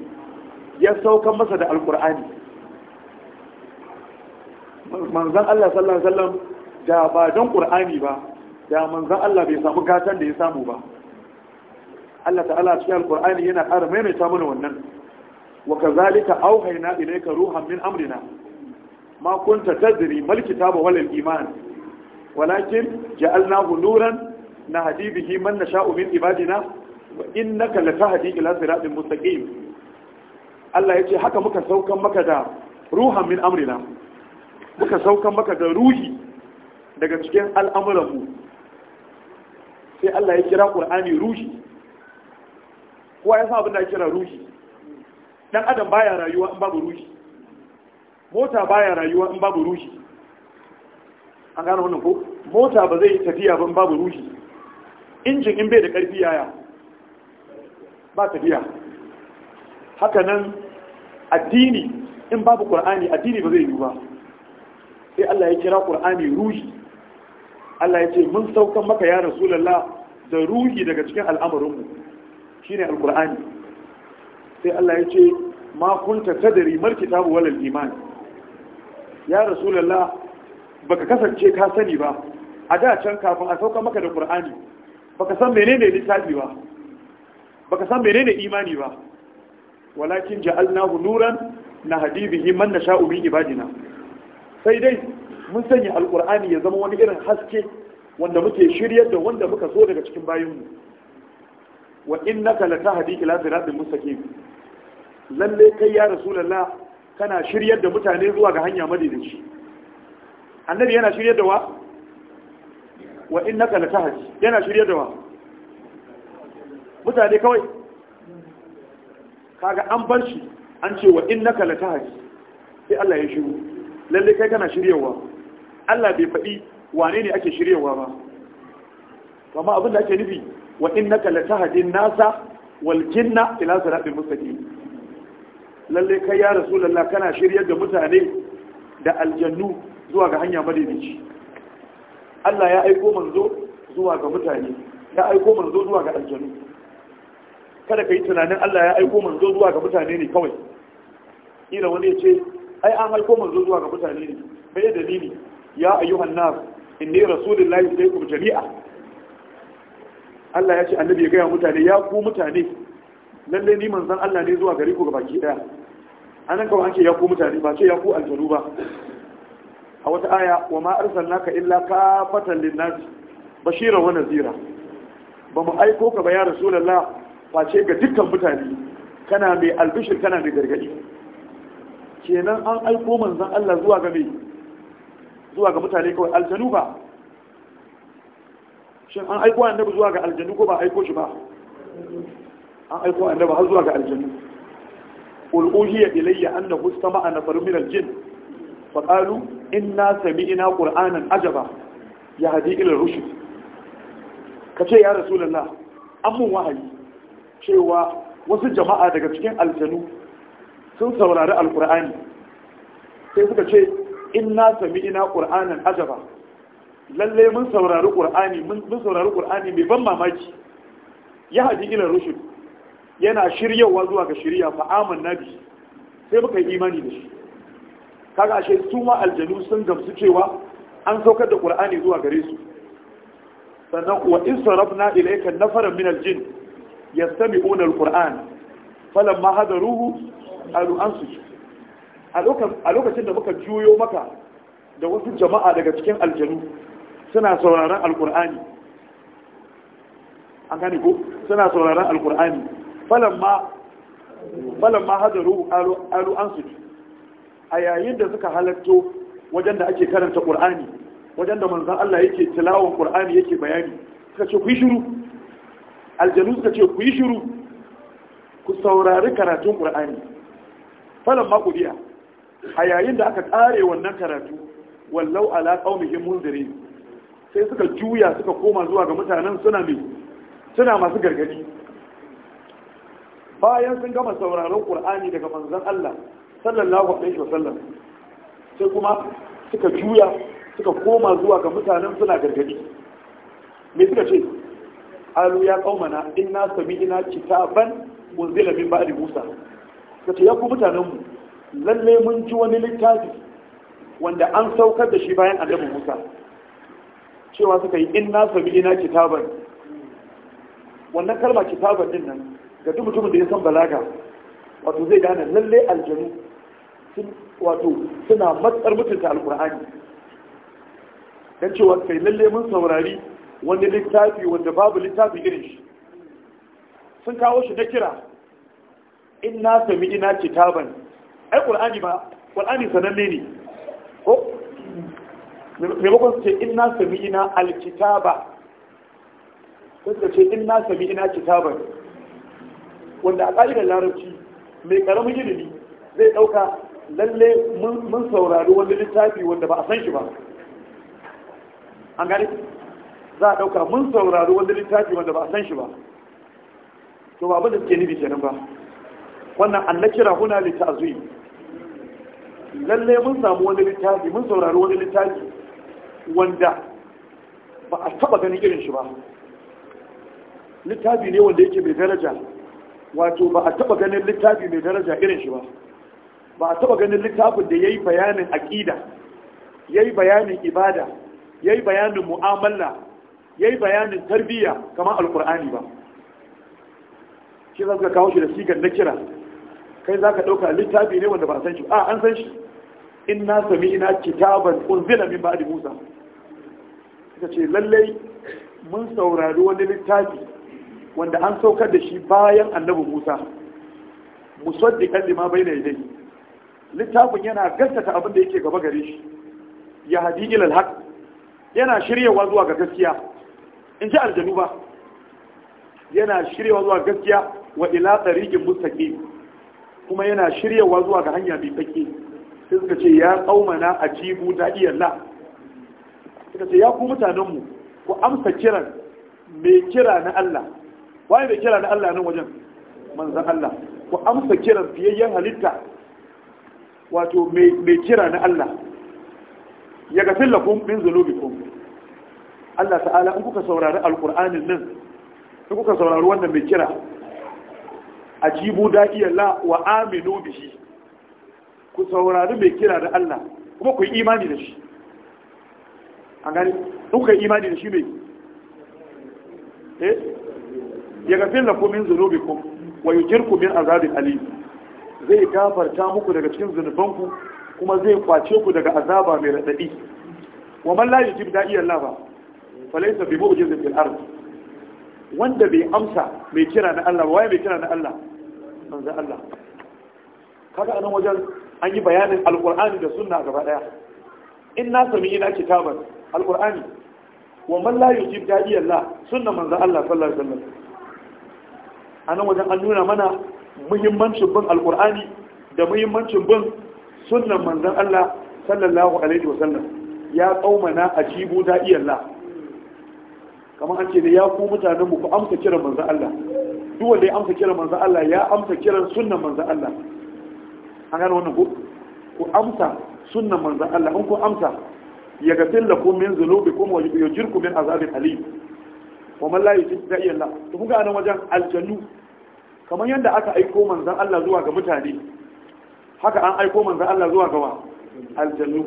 ya sauka masa da alkur'ani manzan Allah sallallahu alaihi wasallam da ba don qur'ani ba da manzan Allah bai samu gatan da ya samu ba Allah ta'ala cikin alkur'ani yana ƙara maimaita mana wannan wa ka auhaina ilayka ruhan min amrina ma kunta tadri mal kitaba wal iman walakin ja'alnahu nuran nahdi bihi man nasha'u min ibadina wa innaka latahdi ila siratin mustaqim Allah yace haka muka saukan maka da ruhan min muka saukan maka da ruhi daga cikin al'amuranmu sai Allah ya kira Kur'ani ruhi kowa ya sa abin da ya kira ruhi dan adam baya rayuwa in babu ruhi mota baya rayuwa in babu ruhi an gano wannan ko mota ba zai tafiya ba in babu ruhi injin in bai da karfi yaya ba tafiya haka nan addini in babu qur'ani addini ba zai yi ba sai Allah ya kira qur'ani ruhi Allah ya ce mun saukan maka ya rasulullah da ruhi daga cikin al'amuranmu shine al alqur'ani sai Allah ya ce ma kunta tadari marki kitabu walal iman ya rasulullah baka kasance ka sani ba a da can kafin a sauka maka da qur'ani baka san menene littafi ba baka san menene imani ba walakin ja'alnahu nuran nahdi bihi man nasha'u min ibadina sai dai mun sanya alqur'ani ya zama wani irin haske wanda muke shiryar da wanda muka so daga cikin bayinmu wa innaka latahdi ila siratin mustaqim lalle kai ya lalla, kana shiryar da mutane zuwa ga hanya madaidaici annabi yana shiryar da wa wa innaka latahdi yana shiryar da wa mutane kawai kaga an bar shi an ce wa innaka latahdi sai Allah ya shiru lalle kai kana shiryarwa. Allah bai faɗi wane ne ake shiryarwa ba amma abin da ake nufi wa innaka latahdi nasa wal jinna ila siratil mustaqim lalle kai ya rasulullah kana shiryar da mutane da aljannu zuwa ga hanya madaidaici Allah ya aiko manzo zuwa ga mutane ya aiko manzo zuwa ga aljannu kada ka yi tunanin Allah ya aiko manzo zuwa ga mutane ne kawai ila wani ya ce ai an aiko manzo zuwa ga mutane ne bai dalili ya ayyuhan nas inni rasulullahi ilaykum jami'a Allah ya ce annabi ya gaya mutane ya ku mutane lalle ni manzon Allah ne zuwa gare ku gabaki daya An nan kawai ake yaku mutane ba ce yaku aljanu ba a wata aya wa ma ka illa kafatan ba bashira wa nazira ba mu aiko ka ba ya rasulullah ce ga dukkan mutane kana mai albishir kana mai gargadi kenan an aiko manzan Allah zuwa ga mai zuwa ga mutane kawai aljanu ba shin an aiko annabi zuwa ga aljanu ko ba aiko shi ba an aiko annabi har zuwa ga aljanu qul uhiya ilayya annahu istama'a nafarun min al-jinn fa qalu inna sami'na qur'anan ajaba yahdi ila rushd kace ya rasulullah amun wahayi cewa wasu jama'a daga cikin aljanu sun saurari alkur'ani sai suka ce inna ina qur'anan ajaba Lallai mun saurari qur'ani mun saurari qur'ani mai ban mamaki ya haji ila rushd yana shiryawa zuwa ga shirya fa nabi sai muka yi imani da shi kaga ashe su ma aljanu sun gamsu cewa an saukar da qur'ani zuwa gare su sannan wa in sarafna ilayka nafaran min aljin yastami'una alquran falamma hadaruhu alu ansu a lokacin da muka juyo maka da wasu jama'a daga cikin aljanu suna sauraron alqur'ani an gane ko suna sauraron alqur'ani falon ma hadaru alu an su a yayin da suka halatto wajen da ake karanta ƙur'ani wajen da manzan Allah yake tilawon ƙur'ani yake bayani suka ce ku yi shiru aljanu suka ce ku yi shiru ku saurari karatun ƙur'ani falon ma ƙuriya a yayin da aka ƙare wannan karatu wallau mai ƙaumihin zire sai suka juya suka koma zuwa ga mutanen suna masu gargadi bayan sun gama sauraron ƙul'ani daga manzan Allah sallallahu alaihi wasallam sai kuma suka juya suka koma zuwa ga mutanen suna gargadi me suka ce alu ya qaumana inna sami'na kitaban munzila min da musa Ka ce ya ku mutanenmu, mu lalle mun ji wani littafi wanda an saukar da shi bayan annabi musa cewa suka yi inna sami'na kitaban wannan kalma kitaban din nan ga duk mutumin da ya san balaga wato zai gane lalle aljanu wato suna matsar mutunta alkur'ani dan cewa kai lalle mun saurari wani littafi wanda babu littafi irin shi sun kawo shi na kira in na sami ina kitaban ai qur'ani ba qur'ani sananne ne ko maimakon su ce in na sami ina alkitaba sai ce in na sami ina kitaban wanda a ƙa'idar larabci mai ƙaramin ilimi zai ɗauka lalle mun saurari wani littafi wanda ba a san shi ba an gani za a ɗauka mun saurari wani littafi wanda ba a san shi ba to ba abinda suke nufi kenan ba wannan an na kira huna littazuyi lalle mun samu wani littafi mun saurari wani littafi wanda ba a taɓa ganin irin shi ba littafi ne wanda yake mai daraja wato ba a taba ganin littafi mai daraja irin shi ba ba a taba ganin littafin da yayi bayanin aqida yayi bayanin ibada yayi bayanin mu'amala yayi bayanin tarbiyya kamar alqur'ani ba shi zaka kawo shi da sigar na kira kai zaka dauka littafi ne wanda ba san shi a an san shi inna sami'na kitaban unzila min ba'di musa kace lallai mun saurari wani littafi wanda an saukar da shi bayan annabi Musa musaddiqan lima bayna yadayhi littafin yana gaskata abin da yake gaba gare shi ya hadi ila alhaq yana shiryawa zuwa ga gaskiya in ji Aljanuba yana shiryawa zuwa gaskiya wa ila tariqin mustaqim kuma yana shiryawa zuwa ga hanya mai fakki sai suka ce ya qaumana ajibu da'iyalla suka ce ya ku mutanenmu ku amsa kiran mai kira na Allah waye bai kira da Allah nan wajen manzan Allah ku amsa kiran fiyayyen halitta wato mai kira na Allah ya gafin lakum min zunubikum Allah ta'ala in kuka saurari alqur'anin nan in kuka saurari wannan mai kira ajibu da'iya la wa aminu bihi ku saurari mai kira da Allah kuma ku yi imani da shi an gani in yi imani da shi mai eh yaghfir lakum min ku wa yujirkum min azabin Ali? zai gafarta muku daga cikin zunubanku kuma zai kwace ku daga azaba mai radadi wa man la yujib da'i Allah ba falaysa bi mu'jizin fil ard wanda bai amsa mai kira na Allah waye mai kira na Allah manzo Allah kaga anan wajen an yi bayanin alqur'ani da sunna gaba daya in na sami ina kitaban alqur'ani wa man la yujib da'i Allah sunna manzo Allah sallallahu alaihi wasallam a nan wajen an nuna mana muhimmancin bin alkur'ani da muhimmancin bin sunan manzan Allah sallallahu alaihi wasallam ya qaumana ajibu da'iyallah kamar an ce da ya ku mutanen mu ku amsa kiran manzan Allah duk wanda ya amsa kiran manzan Allah ya amsa kiran sunan manzan Allah an gane wannan ku ku amsa sunan manzan Allah in ku amsa ya gafir lakum min dhunubikum wa yujirkum min azabin alim wa man la yuti da iyalla to kun ga nan wajen aljannu kamar yadda aka aiko manzon Allah zuwa ga mutane haka an aiko manzon Allah zuwa ga aljannu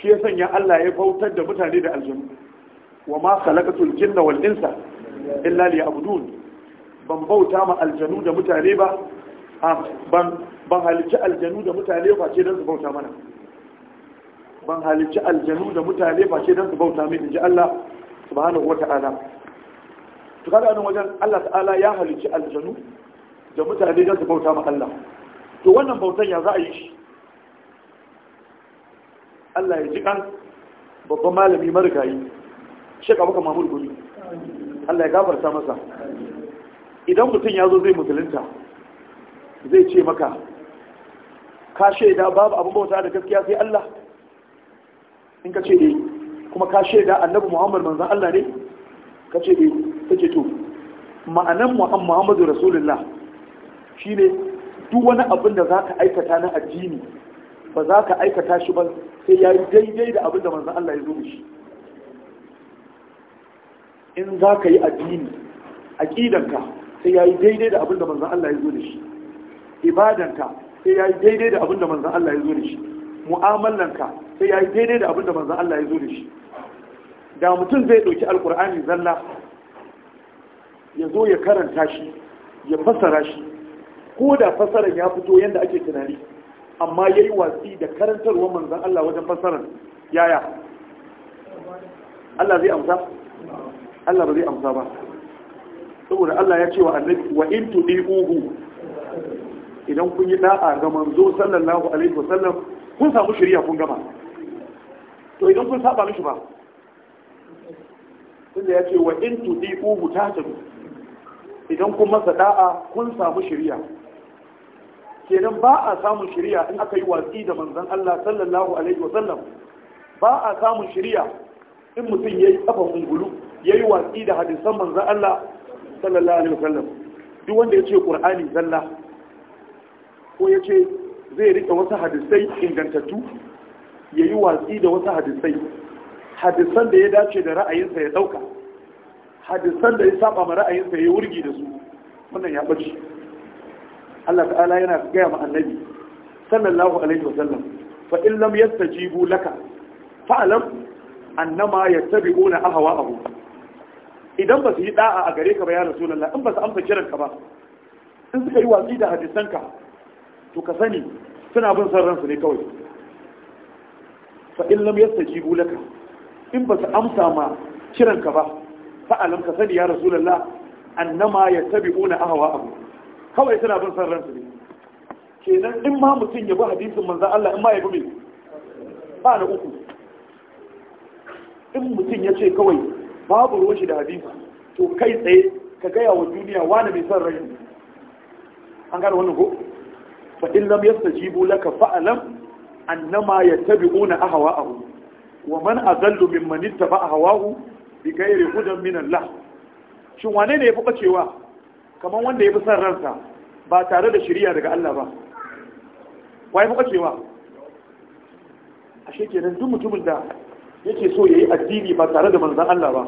shi ya sanya Allah ya bautar da mutane da aljannu wa ma khalaqatul jinna wal insa illa liya'budun ban bauta ma aljanu da mutane ba ban ban halicci aljanu da mutane ba ce don su bauta mana ban halicci aljanu da mutane ba ce don su bauta min inji Allah subhanahu wata'ala to kaga nan wajen Allah ta'ala ya halicci aljanu da mutane da su bauta ma Allah to wannan bautan ya za a yi shi Allah ya ji kan babban malami marigayi shek baka mamur guri Allah ya gafarta masa idan mutum ya zo zai musulunta zai ce maka ka shaida babu abin bauta da gaskiya sai Allah in ka ce dai eh. kuma ka shaida annabi Muhammad manzon Allah ne ka ce dai eh. take to ma'anan muhammadu rasulullah shi ne duk wani abin da za ka aikata na addini ba za ka aikata shi ba sai ya yi daidai da abin da manzan Allah ya zo shi in za ka yi addini aƙidanka sai ya yi daidai da abin da manzan Allah ya zo da shi ibadanka sai ya yi daidai da abin da manzan Allah ya zo da shi mu'amalanka sai ya yi daidai da abin da manzan Allah ya zo da shi da mutum zai ɗauki Alƙur'ani zalla ya zo ya karanta shi ya fasara shi ko da fasarar ya fito yadda ake tunani amma ya yi watsi da karantarwar manzan Allah wajen fasarar yaya Allah zai amsa? Allah ba zai amsa ba saboda Allah ya ce wa annabi wa in ugu. idan kun yi da'a ga manzo sallallahu alaihi wasallam kun samu shari'a kun gama to idan kun saba mishi ba tunda ya ce wa in tudihu tahtadu idan kun masa da'a kun samu shirya kenan ba a samun shirya in aka yi watsi da manzan Allah sallallahu alaihi wasallam ba a samun shirya in mutum ya yi kafa ungulu ya yi watsi da hadisan manzan Allah sallallahu alaihi wasallam duk wanda ya ce ƙur'ani zalla ko ya ce zai rika wasu hadisai ingantattu ya yi watsi da wasu hadisai hadisan da ya dace da ra'ayinsa ya ɗauka hadisan da ya saba ma ra'ayinsa ya wurgi da su wannan ya ɓace. Allah ta'ala yana gaya ma annabi sallallahu alaihi wa sallam fa in lam yastajibu laka fa'lam annama yattabi'una ahwa'ahum idan ba su yi da'a a gare ka ba ya rasulullah in ba su amsa ka ba in suka yi watsi da hadisanka to ka sani suna bin son ransu ne kawai fa in lam yastajibu laka in ba su amsa ma kiran ka ba fa'alam ka sani ya rasulullah annama hawa abu. kawai suna bin san ransu ne kenan in ma mutum ya bi hadisin manza Allah in ma ya bi mai ba na uku in mutum ya ce kawai babu roshi da hadisi to kai tsaye ka gaya wa duniya wani mai san rai an gane wannan ko fa in lam yastajibu laka fa'lam annama yattabi'una abu. wa man adallu mimman ittaba'a hawahu bi gairi hudan min Allah shin wane ne yafi bacewa kaman wanda yafi san ransa ba tare da shari'a daga Allah ba wa yafi bacewa ashe kenan duk mutumin da yake so yayi addini ba tare da manzon Allah ba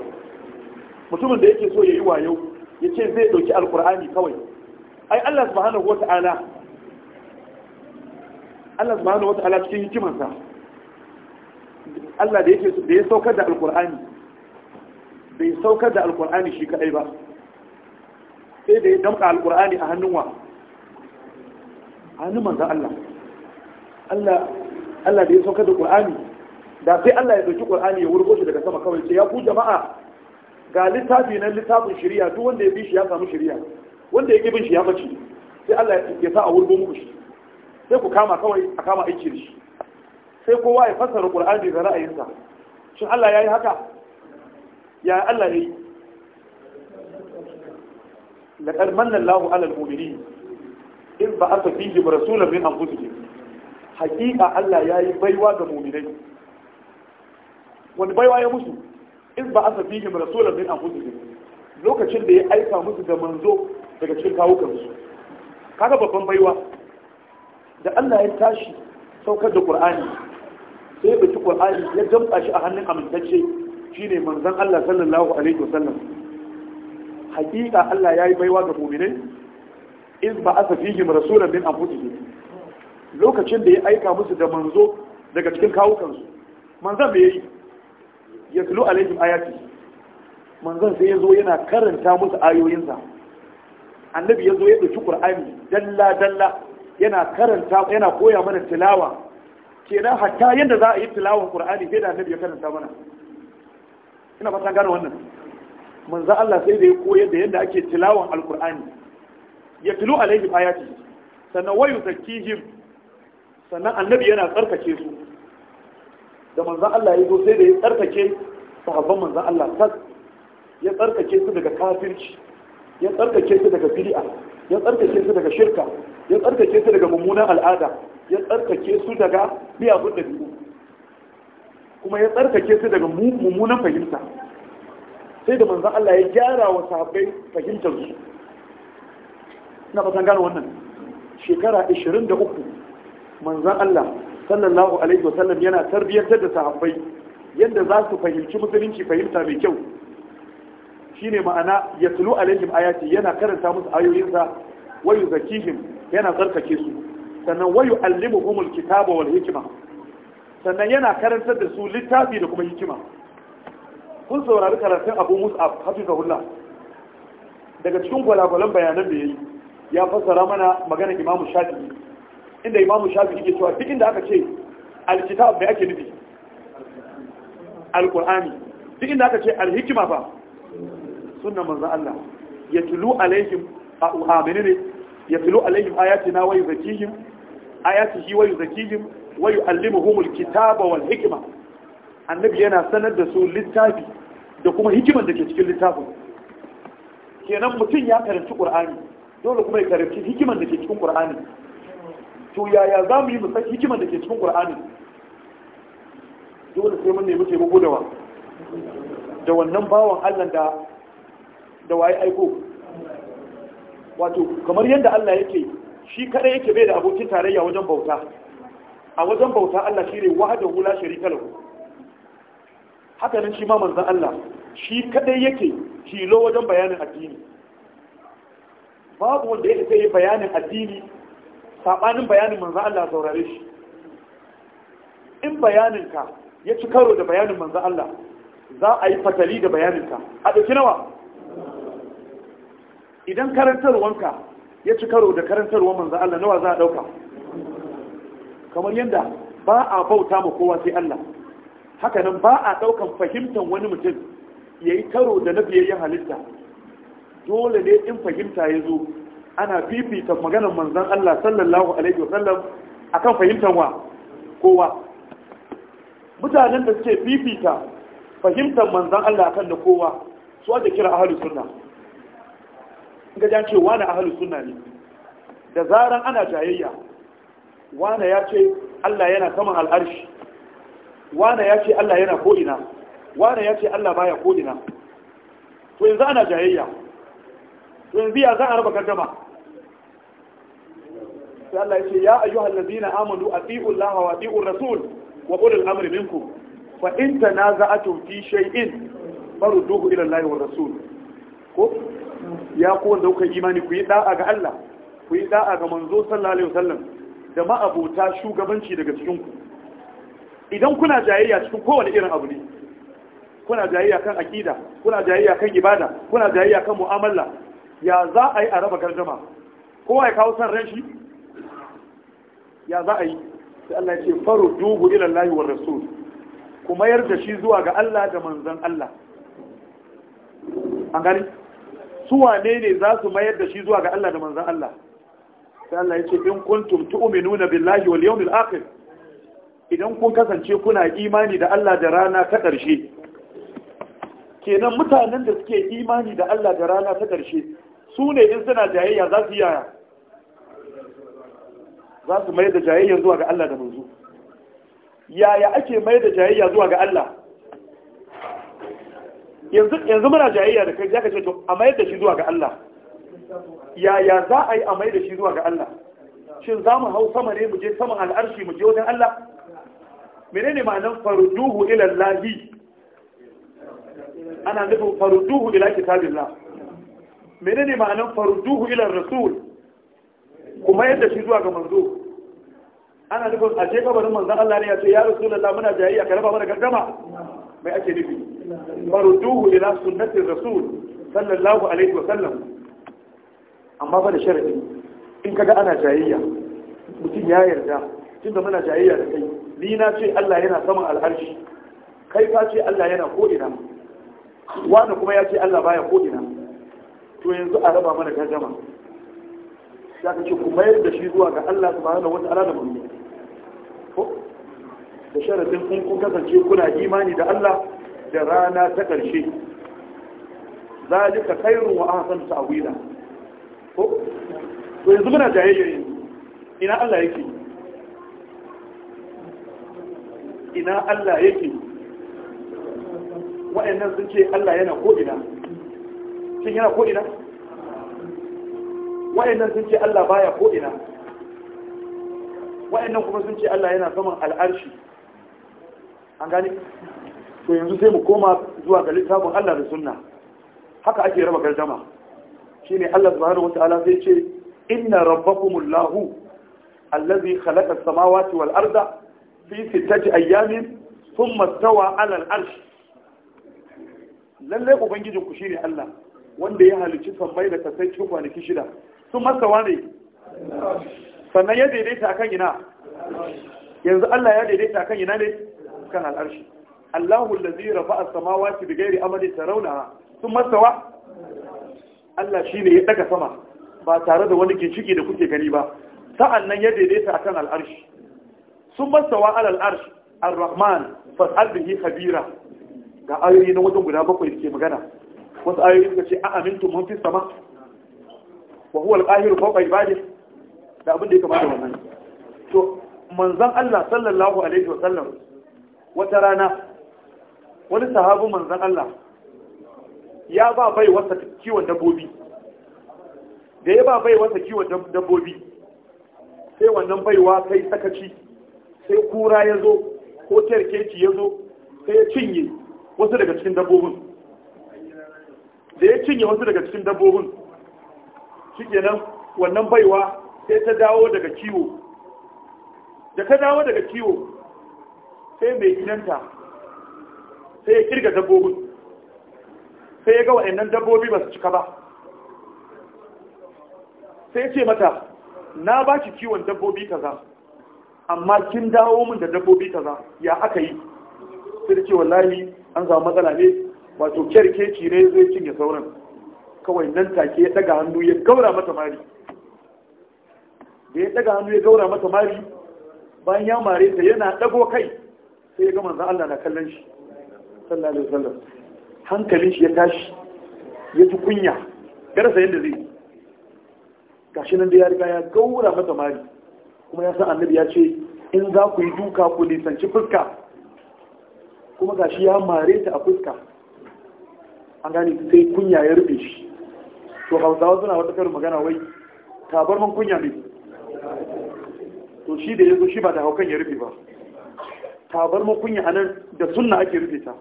mutumin da yake so yayi wayo yace zai dauki alqur'ani kawai ai Allah subhanahu wata'ala Allah subhanahu wata'ala cikin hikimarsa Allah da yake da ya saukar da alqur'ani bai saukar da alkur'ani shi kadai ba sai da ya damka alkur'ani a hannun wa hannun manzan Allah Allah da ya saukar da ƙur'ani, da sai Allah ya ɗauki ƙur'ani ya wurgo shi daga sama kawai sai ya ku jama'a ga littafi nan littafin shirya duk wanda ya bi shi ya samu shirya wanda ya bin shi ya bace sai Allah ya sa a wurgo muku shi sai ku kama kawai a kama aiki da shi sai kowa ya fassara ƙur'ani da ra'ayinsa shin Allah ya yi haka ya Allah ya yi لقد من الله على المؤمنين إذ بعث min رسولا من Hakika Allah ya yi baiwa ga mu'minai Wani baiwa ya musu in ba asa fihim rasulan min anfusihim lokacin da ya aika musu da manzo daga cikin kawukansu. su kaga babban baiwa da Allah ya tashi saukar da ƙur'ani. sai ya bi Qur'ani ya jamsa shi a hannun amintacce shine manzon Allah sallallahu alaihi wasallam hakika Allah yayi baiwa ga mu'minai iz ba'atha fihim rasulan min anfusihim lokacin da ya aika musu da manzo daga cikin kawukansu manzon me yayi yatlu alaihim ayati manzon sai yazo yana karanta musu ayoyinsa annabi yazo ya dauki qur'ani dalla dalla yana karanta yana koya mana tilawa kenan hatta yadda za a yi tilawan qur'ani sai da annabi ya karanta mana ina fata gane wannan manzo Allah sai da ya koyar da yadda ake tilawan alqur'ani ya tilu alaihi ayati sannan wayu zakihim sannan annabi yana tsarkake su da manzo Allah ya zo sai da ya tsarkake sahabban manzo Allah tas ya tsarkake su daga kafirci ya tsarkake su daga bid'a ya tsarkake su daga shirka ya tsarkake su daga mummunan al'ada ya tsarkake su daga biya da biyu kuma ya tsarkake su daga mummunan fahimta sai da manzan Allah ya gyara wa sahabbai fahimtar su na fatan gano wannan shekara 23 manzan Allah sallallahu alaihi sallam yana tarbiyyantar da sahabbai yadda za su fahimci musulunci fahimta mai kyau shine ma'ana ya tulu alaihim ayati yana karanta musu ayoyinsa wayu zakihim yana tsarkake su sannan wayu allimuhumul kitaba wal hikma sannan yana karantar da su littafi da kuma hikima kun saurari karatun abu mus'ab hafizahullah daga cikin gwalagwalan bayanan da ya yi ya fassara mana magana imamu shafi inda imamu shafi ke cewa duk inda aka ce alkitab bai ake nufi alqur'ani duk inda aka ce alhikima ba. sunnan manzo Allah Ya tulu alaihim a menene yatlu alaihim ayatina wa yuzakihim ayatihi wa yuzakihim wa yu'allimuhumul kitaba wal hikima. annabi yana sanar da su littafi da kuma hikiman da ke cikin littafin kenan mutum ya karanci qur'ani dole kuma ya karanci hikiman da ke cikin qur'ani to yaya za mu yi mu san hikiman da ke cikin qur'ani dole sai mun nemi taimako da wa da wannan bawan Allah da da waye aiko wato kamar yadda Allah yake shi kada yake bai da abokin tarayya wajen bauta a wajen bauta Allah shi ne hula la sharika lahu haka nan shi ma manzon Allah shi kadai yake tilo wajen bayanin addini babu wanda ya yi bayanin addini sabanin bayanin manzan Allah saurare shi in bayanin ka ya ci karo da bayanin manzan Allah za a yi fatali da bayanin ka a ɗauki nawa idan karantarwanka ya ci karo da karantarwar manzan Allah nawa za a ɗauka? kamar yadda ba a bauta ma kowa sai Allah haka nan ba a daukan fahimtar wani mutum yayi karo da na biyayyen halitta dole ne in fahimta ya zo ana fifita maganar manzon Allah sallallahu alaihi wasallam akan fahimtar wa kowa mutanen da suke fifita fahimtar manzan Allah akan da kowa su da kira ahlus sunna ga jan cewa na Ahlus sunna ne da zaran ana jayayya wane ya ce Allah yana saman al'arshi wane ya ce Allah yana ko'ina wane ya ce Allah baya ko'ina to yanzu ana jayayya to yanzu ya za a raba gardama sai Allah ya ce ya ayyuhal ladina amanu atiiu Allah wa atiiu rasul wa ulul amri minkum fa in tanaza'atum fi shay'in farudduhu ila Allah wa rasul ko ya ku wanda kuka imani ku yi ɗa'a ga Allah ku yi ɗa'a ga manzo sallallahu alaihi wasallam da ma'abota shugabanci daga cikinku idan kuna jayayya cikin kowane irin abu ne kuna jayayya kan akida kuna jayayya kan ibada kuna jayayya kan mu'amala ya za a yi a raba gardama kowa ya kawo san ranshi ya za a yi sai Allah ya ce faru dubu ila Allah wa rasul ku mayar da shi zuwa ga Allah da manzon Allah an gani su wane ne za su mayar da shi zuwa ga Allah da manzon Allah sai Allah ya ce in kuntum tu'minuna billahi wal yawmil akhir idan kun kasance kuna imani da Allah da rana ta ƙarshe kenan mutanen da suke imani da Allah da rana ta ƙarshe su ne in suna jayayya za su yaya za su mai da jayayya zuwa ga Allah da manzo yaya ake mai da jayayya zuwa ga Allah yanzu muna jayayya da kai ya kace to a mai da shi zuwa ga Allah yaya za a yi a mai da shi zuwa ga Allah shin za mu hau sama ne mu je saman al'arshi mu je wajen Allah menene ma'anar farduhu ila lahi ana nufin farduhu ila kitabillah menene ma'anar farduhu ila rasul kuma yadda shi zuwa ga manzo ana nufin a je kabarin manzon Allah ne ya ce ya rasulullah muna jayi a raba mana gaddama mai ake nufi farduhu ila sunnatin rasul sallallahu alaihi wa sallam amma ba da sharadi in kaga ana jayayya mutum ya yarda tun da muna jayayya da kai ni na ce Allah yana saman al'arshi kai ka ce Allah yana ko'ina wani kuma ya ce Allah baya ko'ina to yanzu a raba mana gajama Ya ka ce ku mayar da shi zuwa ga Allah su bada wata ala da mulki da sharadin kun kun kasance kuna imani da Allah da rana ta ƙarshe zalika khairun wa ahsanu ta'wila ko to yanzu muna jayayya ina Allah yake ina Allah yake wa'annan sun ce Allah yana ko'ina shin yana ko'ina wa'annan sun ce Allah baya ko'ina wa'annan kuma sun ce Allah yana saman al'arshi an gani to yanzu sai mu koma zuwa ga littafin Allah da sunna haka ake raba gardama ne Allah subhanahu wataala zai ce inna lahu, allazi khalaqa as-samawati wal arda fi sittati ayyamin thumma stawa 'ala al-arsh lalle ubangijin ku shine Allah wanda ya halicci sammai da kasai cikin kwanaki shida sun masawa ne sannan ya daidaita akan ina yanzu Allah ya daidaita akan ina ne kan al'arshi Allahu allazi rafa'a as-samawati bighairi amadin tarawna sun masawa Allah shi ne ya ɗaga sama ba tare da wani ginshiki da kuke gani ba sa'an nan ya daidaita akan al'arshi sun mastawa alal arshi ar-rahman fas'al Habira. khabira ga ayoyi na wajen guda bakwai ke magana wasu ayoyi suka ce a amintu mun fi sama wa huwa al-qahiru fawqa ibadihi da abin da ya kamata wannan to manzan Allah sallallahu alaihi wa sallam wata rana wani sahabu manzan Allah ya ba bai wasa kiwon dabbobi da ya ba baiwarsa kiwon dabbobi sai wannan baiwa sai sakaci sai kura ya zo ko terkeci ya zo sai ya cinye wasu daga cikin dabbobin da ya cinye wasu daga cikin dabbobin shi kenan wannan baiwa sai ta dawo daga kiwo da ta dawo daga kiwo sai mai gidanta sai ya kirga dabbobin sai ya ga wa'annan dabbobi ba su cika ba sai ce mata na ba ki kiwon dabbobi kaza amma kin dawo min da dabbobi kaza ya aka yi sai da ce wallahi an zama matsala ne wato kyarkeci ne zai cinye sauran kawai nan take ya daga hannu ya gaura mata mari da ya daga hannu ya gaura mata mari bayan ya mare ta yana dago kai sai ya ga manzon Allah na kallon shi sallallahu alaihi wasallam hankalin shi ya tashi ya ji kunya garasa yadda zai gashi nan da ya riga ya gaura mata mari kuma ya san annabi ya ce in za ku yi duka ku nisanci fuska kuma gashi ya mare ta a fuska an gane sai kunya ya rufe shi to hausawa suna wata karin magana wai tabar man kunya ne to shi da ya zo shi ba da haukan ya rufe ba tabar man kunya anan da sunna ake rufe ta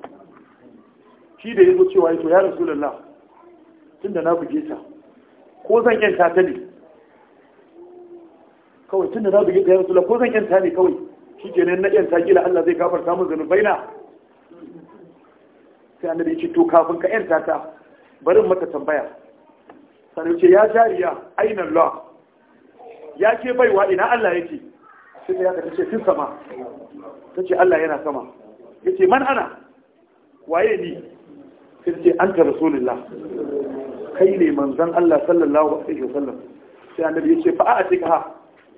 shi da ya zo cewa to ya tun da na buge ta ko zan yanta ta ne kawai tun da na buge ta ya lalla ko zan yanta ne kawai shi nan na yanta gila Allah zai gafarta samun zanubai na sai da ya ce to kafin ka yanta ta barin mata tambaya sanar ce ya jariya aina Allah ya ke baiwa ina Allah yake sai ta yaka ce sun sama ta ce Allah yana sama ce man ana waye ni sai ce an ta rasulullah kai ne manzon Allah sallallahu alaihi wasallam sai annabi ya ce fa a tika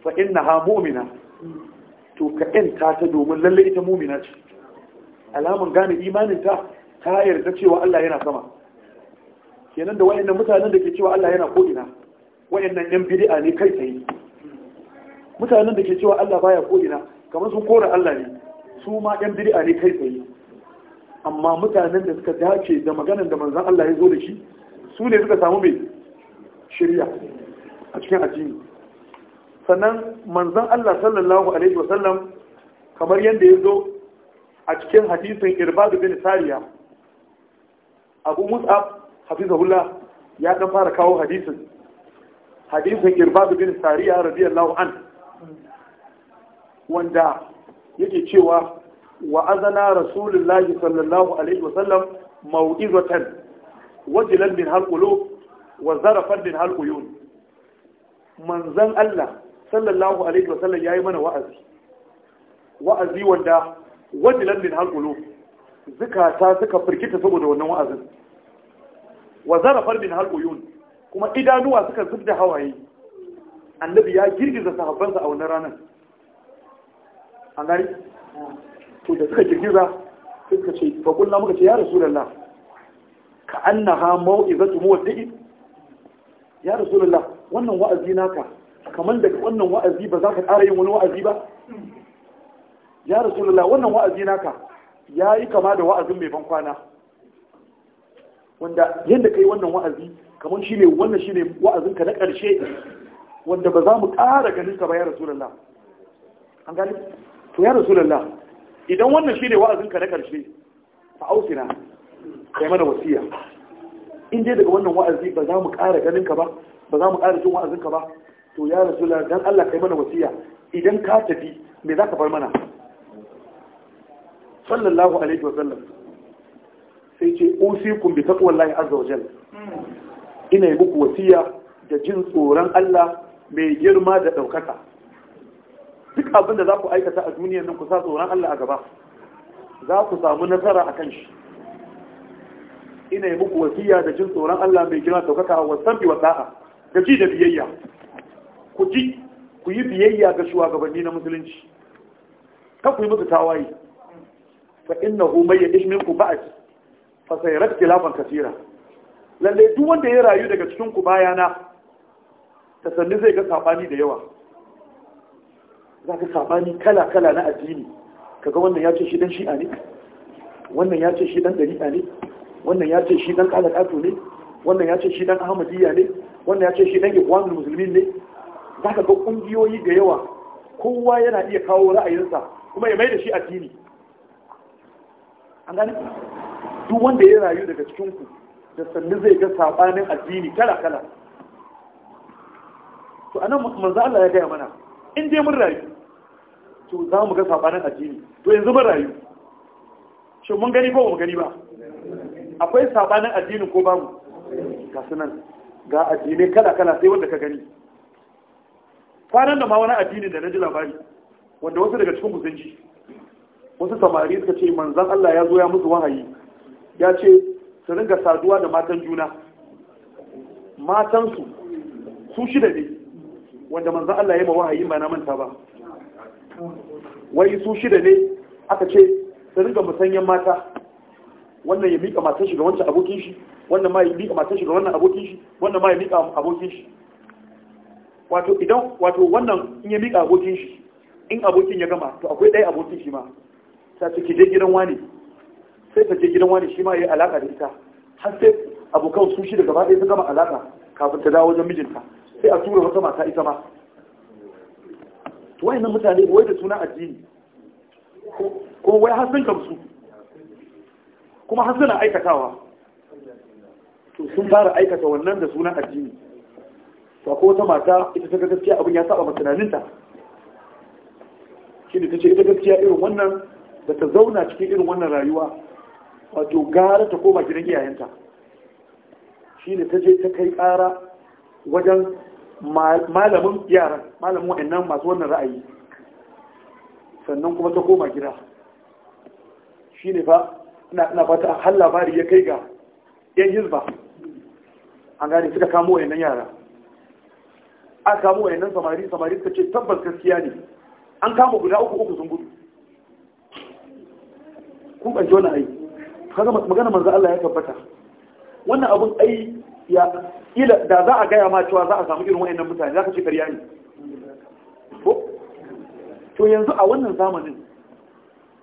fa innaha mu'mina to ka yanta ta domin lalle ita mu'mina ce alamun gane imanin ta ta yarda cewa Allah yana sama kenan da wayannan mutanen da ke cewa Allah yana ko'ina, ina wayannan yan bid'a ne kai tsaye mutanen da ke cewa Allah baya ko'ina kamar sun kora Allah ne su ma yan bid'a ne kai tsaye amma mutanen da suka dace da maganar da manzan Allah ya zo da shi su ne suka samu mai shirya a cikin addini sannan manzan Allah sallallahu alaihi wasallam kamar yadda ya zo a cikin hadisin irbadu bin sariya abu mus'ab hafizahullah ya dan fara kawo hadisin hadisin irbadu bin sariya radiyallahu an wanda yake cewa wa azana rasulullahi sallallahu alaihi wasallam mau'izatan wajilan min halqulub wa zarafan min halquyun manzan Allah sallallahu alaihi wasallam yayi mana wa'azi wa'azi wanda wajilan min halqulub ta suka firkita saboda wannan wa'azin wa zarafar min halquyun kuma idanuwa suka zubda hawaye annabi ya girgiza sahabbansa a wannan ranar to da suka girgiza suka ce fa muka ce ya rasulullah ka annaha mau'izatu muwaddi ya rasulullah wannan wa'azi naka kamar daga wannan wa'azi ba za ka ƙara yin wani wa'azi ba ya rasulullah wannan wa'azi naka ya yi kama da wa'azin mai ban kwana wanda yadda ka yi wannan wa'azi kamar shi ne wannan shi ne wa'azinka na ƙarshe wanda ba za mu ƙara ganin ka ba ya rasulullah an gani to ya rasulullah idan wannan shi ne wa'azinka na ƙarshe fa ausina kai mana wasiya in dai daga wannan wa'azi ba za mu ƙara ganin ba ba za mu ƙara jin wa'azinka ba to ya rasula dan Allah kai mana wasiya idan ka tafi me za ka bar mana sallallahu alaihi wa sallam sai ce kun bi taqwallahi azza wa jalla hmm. ina yi muku wasiya da jin tsoron Allah mai girma da ɗaukaka duk abin da za ku aikata a duniyar nan ku sa tsoron Allah a gaba za ku samu nasara a kan shi ina yi muku wasiya da jin tsoron Allah mai gina saukaka a wasan bi wasa'a da ji da biyayya ku ji ku yi biyayya ga shugabanni na musulunci Ka ku yi musu tawaye fa innahu may ya'ish minkum ba'd fa sayara lafan kasira lalle duk wanda ya rayu daga cikin ku bayana tasanni zai ga saɓani da yawa za ka sabani kala kala na addini kaga wannan ya ce shi dan shi'a ne wannan ya ce shi dan dariƙa ne wannan ya ce shi dan kalakato ne wannan ya ce shi dan ahmadiyya ne wannan ya ce shi dan ikwanul musulmin ne za ka ga kungiyoyi da yawa kowa yana iya kawo ra'ayinsa kuma ya mai da shi addini an gane duk wanda ya rayu daga cikin ku da sannu zai ga sabanin addini kala kala to anan manzo Allah ya gaya mana in dai mun rayu to za mu ga sabanin addini to yanzu mun rayu shin mun gani ko mun gani ba akwai sabanin addinin ko babu ga sunan ga addinai kala kala sai wanda ka gani kwanan da ma wani addini da na ji labari wanda wasu daga cikin sun wasu samari suka ce manzan Allah ya zo ya musu wahayi ya ce su ringa saduwa da matan juna Matan su shida ne wanda manzan Allah ya mawa hayi ba na manta ba wai su shida ne aka ce su riga musanyen mata wannan ya miƙa matan shi ga wancan abokin shi wannan ma ya miƙa matan shi ga wannan abokin shi wannan ma ya miƙa abokin shi wato idan wato wannan in ya miƙa abokin shi in abokin ya gama to akwai ɗaya abokin shi ma ta ce je gidan wani sai ta je gidan wani shi ma ya yi alaƙa da ita har sai abokan su shi da gaba ɗaya su gama alaƙa kafin ta dawo wajen mijinta sai a tura wata mata ita ba wai nan mutane wai da suna addini ko wai har sun gamsu kuma har suna aikatawa to sun fara aikata wannan da sunan addini to ko wata mata ita ta gaskiya abin ya saba tunaninta shi da ta ce ita gaskiya irin wannan da ta zauna cikin irin wannan rayuwa wato gara ta koma gidan iyayenta shi ne ta je ta kai ƙara wajen malamin yaran malamin wa'annan masu wannan ra'ayi sannan kuma ta koma gida shi ne fa ina fata har labari ya kai ga yan hizba an gane suka kamo wa'annan yara an kamo wa'annan samari samari suka ce tabbas gaskiya ne an kama guda uku uku sun gudu kun ɓanci wani ai kaga magana manzo Allah ya tabbata wannan abun ai ya kila da za a gaya ma cewa za a samu irin wayannan mutane za ka ce karyani ko to yanzu a wannan zamanin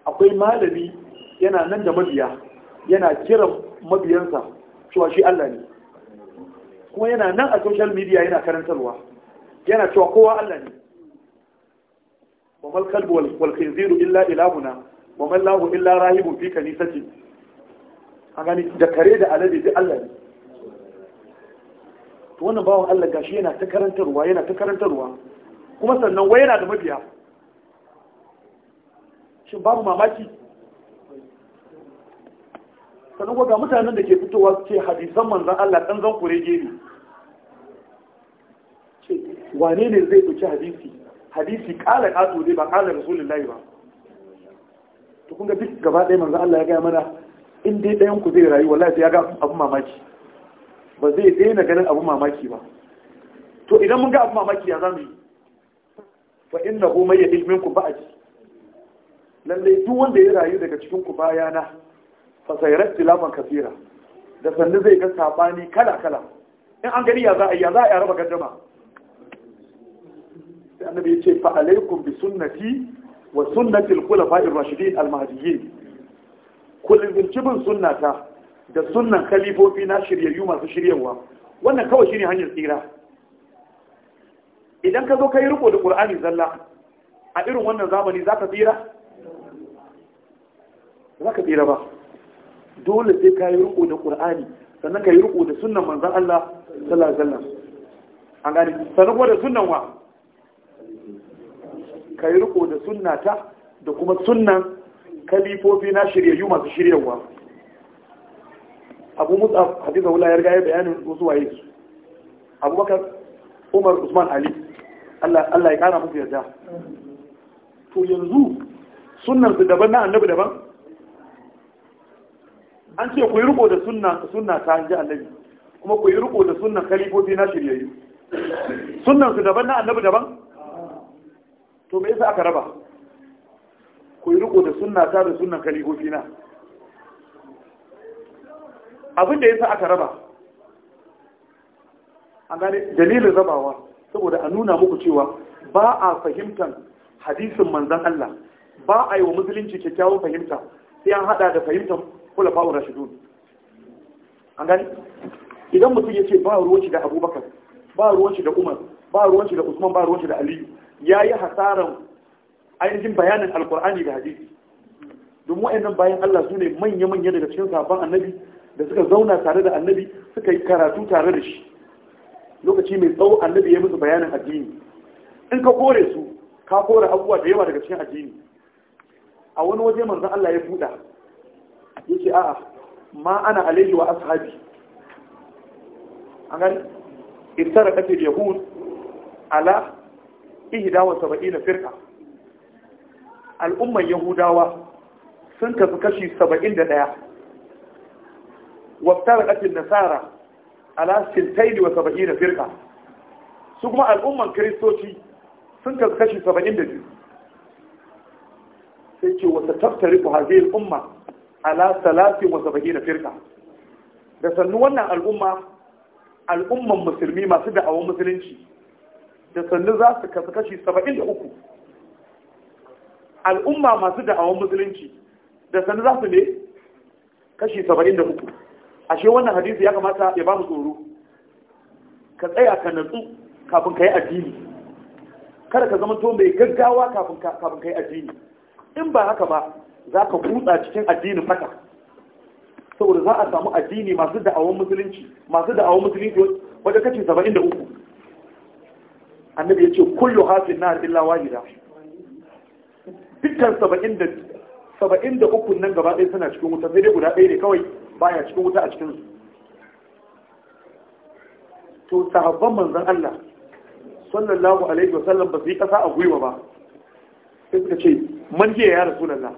akwai malami yana nan da mabiya yana kiran mabiyansa cewa shi Allah ne kuma yana nan a social media yana karantarwa yana cewa kowa Allah ne wa mal kalbu wal khinziru illa ilahuna wa man lahu illa rahibun fi kanisati an gani da kare da alade duk Allah ne to wannan bawan Allah gashi yana ta karantarwa yana ta karantarwa kuma sannan wai yana da mabiya shin babu mamaki sannan ga mutanen da ke fitowa su ce hadisan manzan Allah dan zan kurege ne wane ne zai ɗauki hadisi hadisi ƙala ƙato dai ba ƙala rasulullahi ba to kun ga duk gaba ɗaya manzan Allah ya gaya mana in dai ɗayan ku zai rayu wallahi sai ya ga abun mamaki ba zai daina ganin abu mamaki ba to idan mun ga abu mamaki ya zama yi fa innahu may yadil ba ba'di lalle duk wanda ya rayu daga cikin ku bayana fa sayrat tilaman kafira. da sannu zai ga sabani kala kala in an gari ya za a ya za a raba gaddama sai annabi ya ce fa alaikum bi sunnati wa sunnati al ar rashidin al-mahdiyyin kullum bin sunnata da sunan kalifofi na shiryayyu masu shiryawa wannan kawai shine hanyar tsira idan ka zo ka yi riko da ƙur'ani zalla a irin wannan zamani za ka tsira za ka tsira ba dole sai ka yi riko da ƙur'ani sannan ka yi riko da sunan manzan Allah sallallahu alaihi an gani sannan kuma da sunan wa ka yi riko da sunnata da kuma sunan kalifofi na shiryayyu masu shiryawa abu musa hadisa wula ya riga ya bayanin wasu waye su abubakar umar usman ali allah ya kara musu yarda to yanzu sunan su daban na annabi daban an ce ku yi riko da sunna sunna ta ji annabi kuma ku yi riko da sunnan khalifofi na shiryayyu sunan su daban na annabi daban to me yasa aka raba ku yi riko da sunna ta da sunnan khalifofi na abin da ya sa aka raba an gane dalilin rabawa saboda a nuna muku cewa ba a fahimtar hadisin manzan Allah ba a yi wa musulunci kyakkyawan fahimta sai an hada da fahimtar kula fa'un rashidun an gani idan mutum ya ce ba ruwan shi da abubakar ba ruwan shi da umar ba ruwan shi da usman ba ruwan shi da aliyu ya yi hasaran ainihin bayanin alkur'ani da hadisi domin wa'annan bayan allah su ne manya-manya daga cikin sabon annabi da suka zauna tare da annabi suka yi karatu tare da shi lokaci mai tsawo annabi ya musu bayanin addini in ka kore su ka kore abubuwa da yawa daga cikin addini a wani waje manzon Allah ya buɗa yace a'a ma ana alaihi wa ashabi an gani istara kafir yahud ala ihda wa sab'ina firqa umma yahudawa sun tafi kashi 71 وافترقت النصارى على 72 فرقة su kuma al'umman kiristoci sun kaskashi 72 sai ce wata taftari ku hazin umma ala salatin wasa bagi da firka da sannu wannan al'umman musulmi masu da'awon musulunci da sannu za su kaskashi 73 al'umma masu da'awon musulunci da sannu za su ne kashi ashe wannan hadisi ya kamata ya ba mu tsoro ka tsaya ka natsu kafin ka yi addini kada ka zama to mai gaggawa kafin ka yi addini in ba haka ba za ka kutsa cikin addinin fata saboda za a samu addini masu da'awon musulunci masu da'awon musulunci wajen kacin saba'in da uku annabi ya ce kullu hafin na illa wahida dukkan saba'in da uku nan gaba ɗaya suna cikin wuta sai dai guda ɗaya ne kawai baya cikin wuta a su. to sahabban manzon Allah sallallahu alaihi wa sallam ba su yi kasa a gwiwa ba sai suka ce man je ya rasulullah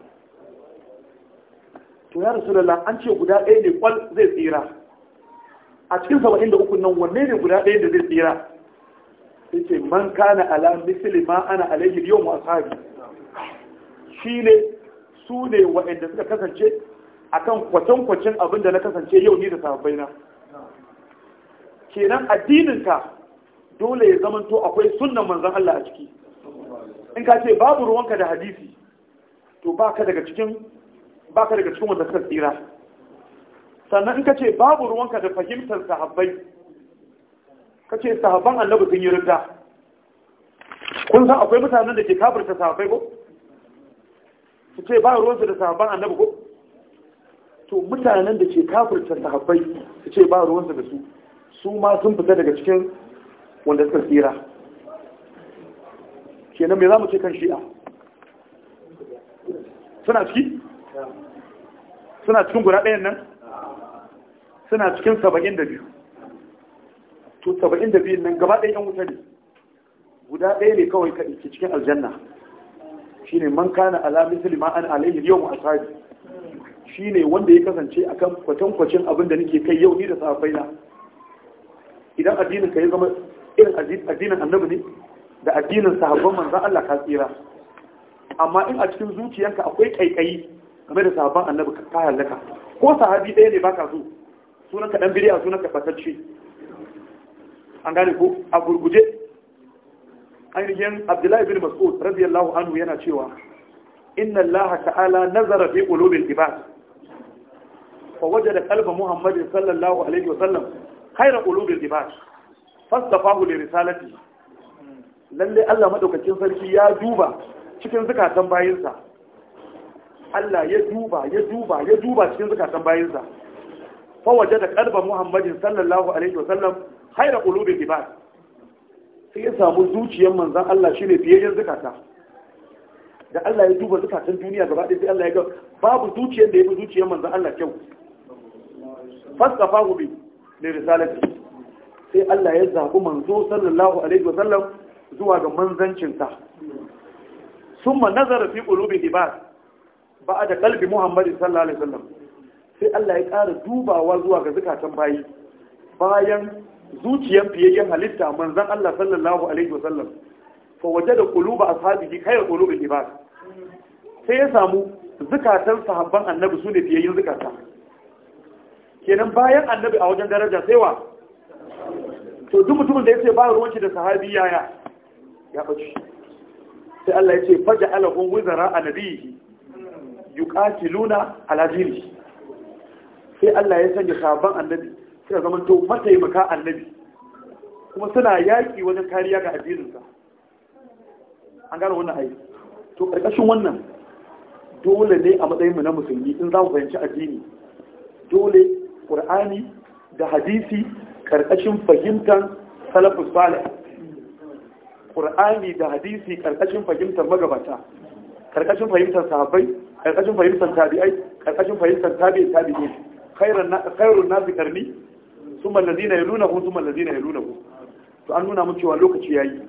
to ya rasulullah an ce guda ɗaya ne kwal zai tsira a cikin saba'in da uku nan wanne ne guda ɗaya da zai tsira sai ce man kana ala misali ma ana alaihi yawm ashabi ne su ne waɗanda suka kasance akan kwacen-kwacen abin da na kasance yau ni da sahabbai na kenan addininka dole ya to akwai sunnan manzan Allah a ciki in ka ce babu ruwanka da hadisi to baka daga cikin baka daga cikin wanda suka tsira sannan in ka ce babu ruwanka da fahimtar sahabbai ka ce sahabban annabi sun yi rinda kun san akwai mutanen da ke kafirta sahabbai ko su ce ba ruwansu da sahabban annabi ko to mutanen da ke kafirta sahabbai su ce ba ruwansa da su su ma sun fita daga cikin wanda suka tsira kenan me za mu ce kan shi'a suna ciki suna cikin guda ɗayan nan suna cikin saba'in da biyu to saba'in da biyun nan gaba ɗaya yan wuta ne guda ɗaya ne kawai ka ke cikin aljanna Shi ne man kana ala misli ma an alayhi mu ashabi shine wanda ya kasance akan kwatankwacin abin da nake kai yau ni da sahabbai na idan addinin ka ya zama irin addinin annabi ne da addinin sahabban manzon Allah ka tsira amma in a cikin zuciyarka akwai kaikayi game da sahabban annabi ka halaka ko sahabi ɗaya ne baka so sunanka dan bidiya sunanka fatacce an gane ko a gurguje ainihin abdullahi bin mas'ud radiyallahu anhu yana cewa inna allaha ta'ala nazara fi qulubil ibad fa wajada qalba muhammadin sallallahu alaihi wa sallam khayra qulubil ibad fastafahu li risalati lalle Allah madaukakin sarki ya duba cikin zukatan bayinsa Allah ya duba ya duba ya duba cikin zukatan bayinsa fa waje da qalba muhammadin sallallahu alaihi wa sallam khayra qulubil ibad sai ya samu zuciyar manzon Allah shine fiyayyen zukata. da Allah ya duba zukatan duniya gaba ɗaya sai Allah ya ga babu zuciyar da ya fi zuciyar manzon Allah kyau fasafa gobe ne risalati sai Allah ya zaɓi manzo sallallahu alaihi wa sallam zuwa ga manzancinsa summa nazara fi qulubi ibad da ƙalbi muhammad sallallahu alaihi wa sallam sai Allah ya ƙara dubawa zuwa ga zukatan bayi bayan zuciyan fiyayyen halitta manzan Allah sallallahu alaihi wa sallam fa wajada quluba ashabihi khayra qulubi ibad sai ya samu zukatan sahabban annabi su ne yin zukata kenan bayan annabi a wajen daraja sai wa to duk mutumin da yace ba ruwanci da sahabi yaya ya bace sai Allah yace faja alahum wizara anabihi yuqatiluna ala dini sai Allah ya sanya sahaban annabi suka zama to mataimaka annabi kuma suna yaki wajen kariya ga addininsa an gano wannan aiki to karkashin wannan dole ne a matsayin mu na musulmi in za mu fahimci addini dole ƙur'ani da hadisi ƙarƙashin fahimtar salafus salih ƙur'ani da hadisi ƙarƙashin fahimtar magabata ƙarƙashin fahimtar sahabbai ƙarƙashin fahimtar tabi'ai ƙarƙashin fahimtar tabi'in tabi'i khairun nasu karni summa allazina yalunahu summa allazina yalunahu to an nuna mu cewa lokaci yayi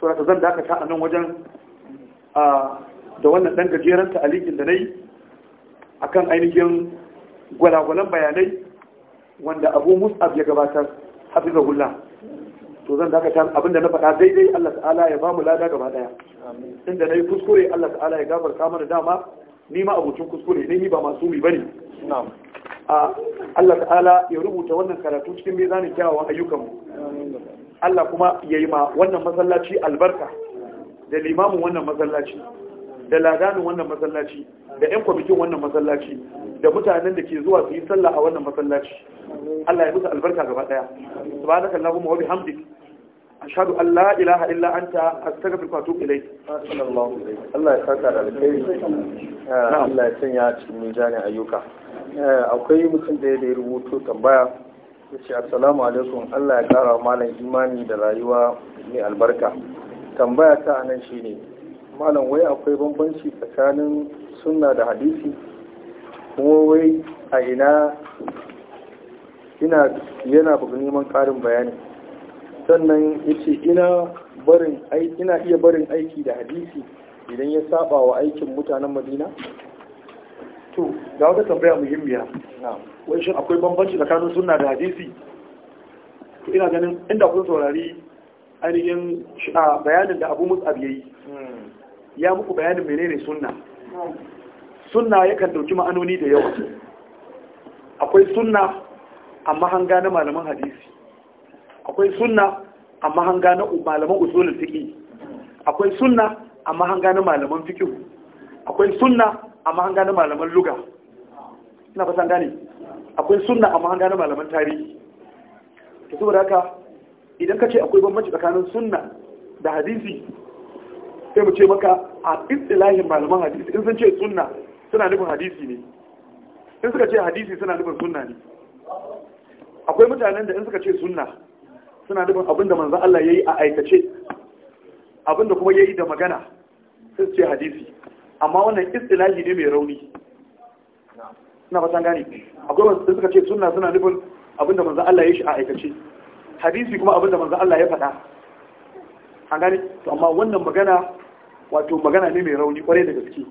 to da zan dakata a nan wajen da wannan dan gajeren ta'alikin da nayi akan ainihin gwalagwalan bayanai wanda abu mus'ab ya gabatar Gula. to zan dakata da na faɗa daidai Allah ta'ala ya ba mu lada gaba daya inda yi kuskure Allah ta'ala ya gabar kamar dama ni ma abucin kuskure ne ni ba masu masumi bane na'am Allah ta'ala ya rubuta wannan karatu cikin mizanin kyawawan ayyukanmu Allah kuma ya yi ma wannan masallaci albarka da limamin wannan masallaci da ladanin wannan masallaci da 'yan kwamitin wannan masallaci da mutanen da ke zuwa su yi sallah a wannan masallaci Allah ya musu albarka gaba daya subhanaka allahumma wa bihamdik ashhadu an la ilaha illa anta astaghfiruka wa atubu ilayk Allah ya saka da alkhairi eh, Allah ya sanya cikin mizanin ayyuka eh, akwai mutum da ya rubuto tambaya yace assalamu alaikum Allah ya kara malam imani da rayuwa mai albarka tambaya ta anan ne. malam wai akwai bambanci tsakanin sunna da hadisi kuma wai a ina ina yana neman karin bayani sannan ya ce ina iya barin aiki da hadisi idan ya saba wa aikin mutanen madina to ga wata tambaya muhimmiya wai shin akwai bambanci tsakanin sunna da hadisi to ina ganin inda kun saurari ainihin bayanin da abu musab ya yi hmm. ya muku bayanin menene sunna sunna yakan dauki ma'anoni da yawa akwai sunna amma hanga na malaman hadisi akwai sunna amma hanga na malaman usulul fiqi akwai sunna amma hanga na malaman fiqh akwai sunna amma hanga na malaman lugha ina fatan gane akwai sunna amma hanga na malaman tarihi to saboda haka idan ka ce akwai bambanci tsakanin sunna da hadisi sai mu ce maka a istilahin malaman hadisi in sun ce sunna suna nufin hadisi ne in suka ce hadisi suna nufin sunna ne akwai mutanen da in suka ce sunna suna nufin da manzan Allah ya yi a aikace da kuma ya yi da magana sun ce hadisi amma wannan istilahi ne mai rauni na fatan gani akwai wanda suka ce sunna suna nufin da manzan Allah ya yi shi a aikace hadisi kuma da manzan Allah ya faɗa an gani to amma wannan magana wato magana ne mai rauni kwarai da gaske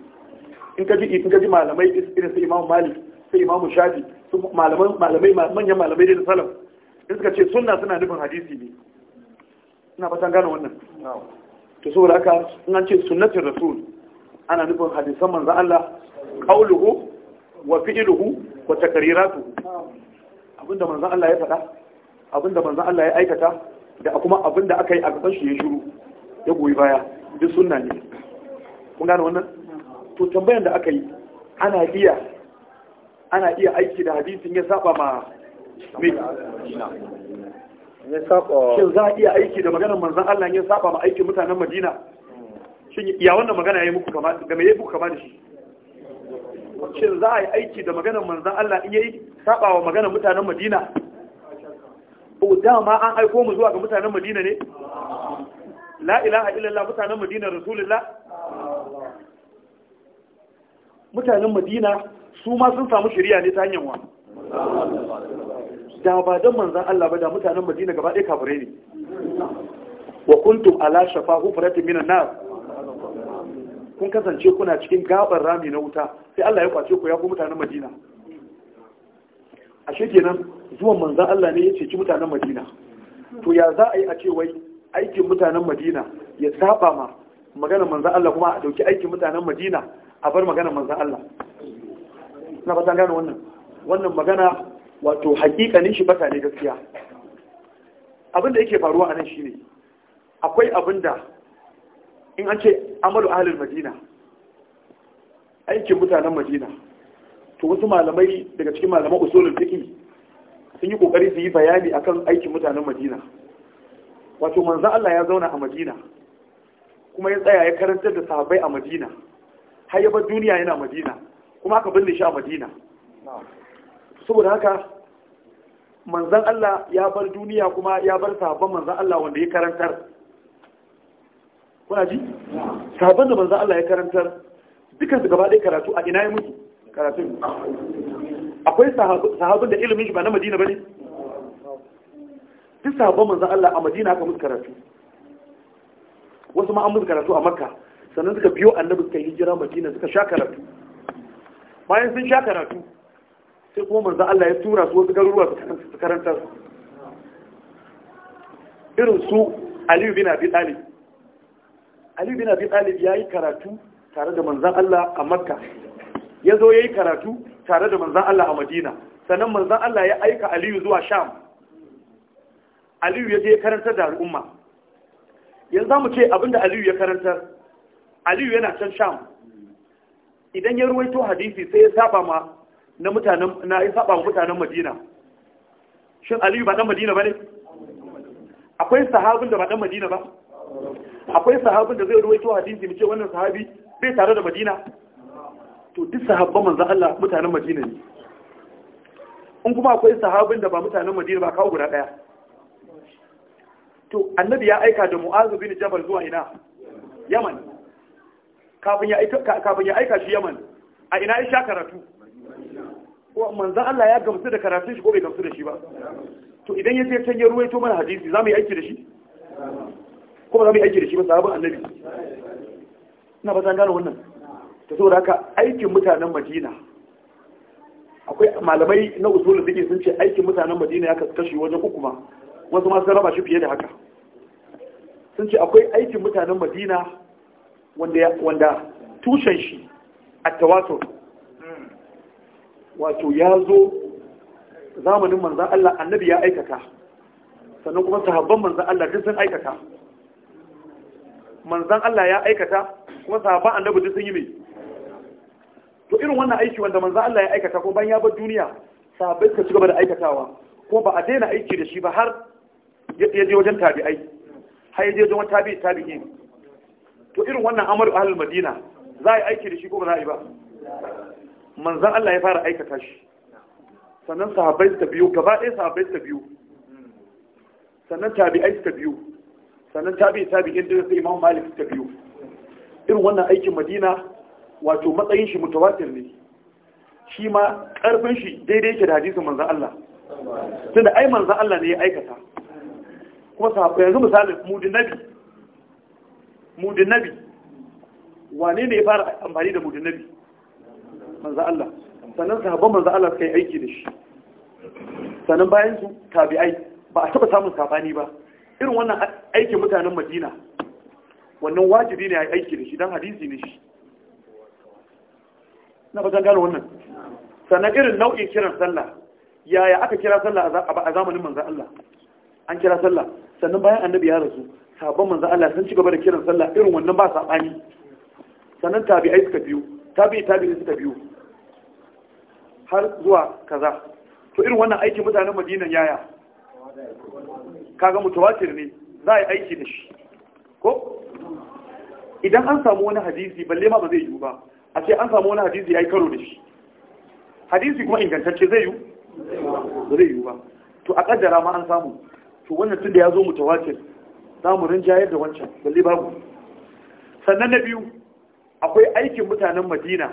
in ka ji in ka ji malamai irin sai imamu malik sai imamu shafi su malamai malamai manyan malamai da salaf in suka ce sunna suna nufin hadisi ne ina fatan gane wannan to saboda haka in an ce sunnatin rasul ana nufin hadisan manzo Allah qauluhu wa fi'luhu wa taqriratuhu abinda manzo Allah ya faɗa abinda manzo Allah ya aikata da kuma abinda aka yi a gaban shi ya shiru ya goyi baya duk sunna ne kun gane wannan to tambayan da aka yi ana iya ana iya aiki da hadisin ya saba ma me ya saba shin za a iya aiki da maganar manzon Allah ya saba ma aikin mutanen Madina shin ya wannan magana yayi muku kama da me yayi muku kama da shi shin za a yi aiki da maganar manzon Allah in yayi saba wa maganar mutanen Madina ko dama an aiko mu zuwa ga mutanen Madina ne la ilaha illallah mutanen Madina rasulullah mutanen madina su ma sun samu shari'a ne ta hanyar wa da ba don manzan Allah ba da mutanen madina gaba ɗaya kafirai ne wa kuntum ala shafa hufratin minan nar kun kasance kuna cikin gabar rami na wuta sai Allah ya kwace ku ya ku mutanen madina ashe kenan zuwan manzan Allah ne ya ceci mutanen madina to ya za a yi a ce wai aikin mutanen madina ya saba ma magana manzan Allah kuma a ɗauki aikin mutanen madina a bar magana manzan Allah na fata gane wannan wannan magana wato hakikanin shi bata ne gaskiya Abinda yake faruwa a nan shi ne. akwai abinda in an ce amalu ahalin madina aikin mutanen madina to wasu malamai daga cikin malaman usulun fiqh sun yi kokari su yi bayani akan aikin mutanen madina wato manzan Allah ya zauna a madina kuma ya tsaya ya karantar da sahabbai a madina har duniya yana madina kuma aka binne shi a madina saboda haka manzan Allah ya bar duniya kuma ya bar sabon manzan Allah wanda ya karantar kuna ji sabon da manzan Allah ya karantar dukkan su gaba ɗaya karatu a ina ya mutu karatu akwai sahabin da ilimin shi ba na madina ba ne duk sabon manzan Allah a madina aka mutu karatu wasu ma an mutu karatu a makka sannan suka biyo annabi suka jira madina suka sha karatu bayan sun sha karatu sai kuma manzo Allah ya tura su wasu garuruwa su karanta su irin su Aliyu bin Abi Talib Aliyu bin Abi Talib yayi karatu tare da manzo Allah a Makka ya zo yayi karatu tare da manzo Allah a Madina sannan manzo Allah ya aika Aliyu zuwa Sham Aliyu ya je karanta da al'umma yanzu mu ce abinda Aliyu ya karantar aliyu yana can sham idan ya ruwaito hadisi sai ya saba ma na mutanen na ya saba ma mutanen madina shin aliyu ba dan madina bane akwai sahabin da ba dan madina ba akwai sahabin da zai ruwaito hadisi mu ce wannan sahabi bai tare da madina to duk sahabban manzo Allah mutanen madina ne in kuma akwai sahabin da ba mutanen madina ba kawo guda daya to annabi ya aika da mu'azu bin jabal zuwa ina yaman kafin ya aika shi yaman a ina ya sha karatu manzan Allah ya gamsu da karatun shi ko bai gamsu da shi ba to idan ya sai can ya to mana hadisi za mu yi aiki da shi kuma za mu yi aiki da shi ba sahabin annabi ina ba gano wannan ta saboda haka aikin mutanen madina akwai malamai na usulun suke sun ce aikin mutanen madina ya kaskashi wajen uku ma wasu ma sun raba shi fiye da haka sun ce akwai aikin mutanen madina wanda tushen shi a tawatur wato ya zo zamanin manzan Allah annabi ya aikata sannan kuma sahabban manzan Allah duk sun aikata manzan Allah ya aikata kuma sahabban annabi duk sun yi mai to irin wannan aiki wanda manzan Allah ya aikata kuma bayan ya bar duniya sahabbai suka ci gaba da aikatawa kuma ba a daina aiki da shi ba har ya je wajen tabi'ai har ya je wajen tabi'i tabi'i to irin wannan amaru ahlul madina za a yi aiki da shi ko ba za a yi ba manzan Allah ya fara aikata shi sannan sahabbai suka biyu gaba ɗaya sahabbai suka biyu sannan tabi'ai suka biyu sannan tabi tabi'i tabi'in da sai imam malik suka biyu irin wannan aikin madina wato matsayin shi mutawatir ne shi ma karfin shi daidai yake da hadisin manzan Allah tunda ai manzan Allah ne ya aikata kuma sahabbai yanzu misalin mudin nabi Mudinabi, wane ne ya fara amfani da mudinabi? Manza Allah sannan sahabban manza Allah suka yi aiki da shi sannan bayan su tabi'ai ba a taba samun sabani ba irin wannan aikin mutanen Madina wannan wajibi ne ya yi aiki da shi don hadisi ne shi na ba gano wannan sannan irin nau'in kiran sallah yaya aka kira sallah a zamanin manza Allah an kira sallah sannan bayan annabi ya rasu sabon manzan Allah sun ci gaba da kiran sallah irin wannan ba saɓani sannan tabi'ai suka biyu tabi'i tabi'i suka biyu har zuwa kaza to irin wannan aikin mutanen madina yaya kaga mutawatir ne za a yi aiki da shi ko idan an samu wani hadisi balle ma ba zai yiwu ba a ce an samu wani hadisi ya yi karo da shi hadisi kuma ingantacce zai yiwu ba zai yiwu ba to a kaddara ma an samu to wannan tun da ya zo mutawatir za mu rinjayar da wancan balle babu sannan na biyu akwai aikin mutanen madina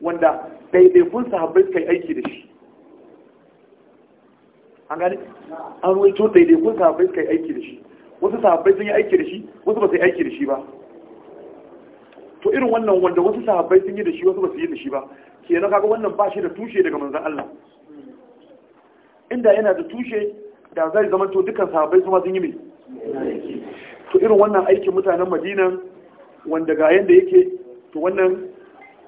wanda ɗaiɗaikun sahabbai suka yi aiki da shi an gani an waito ɗaiɗaikun sahabbai suka yi aiki da shi wasu sahabbai sun yi aiki da shi wasu ba su yi aiki da shi ba to irin wannan wanda wasu sahabbai sun yi da shi wasu ba su yi da shi ba kenan kaga wannan ba shi da tushe daga manzon Allah inda yana da tushe da zai zama to dukkan sahabbai su ma sun yi mai to irin wannan aikin mutanen madina wanda ga yanda yake to wannan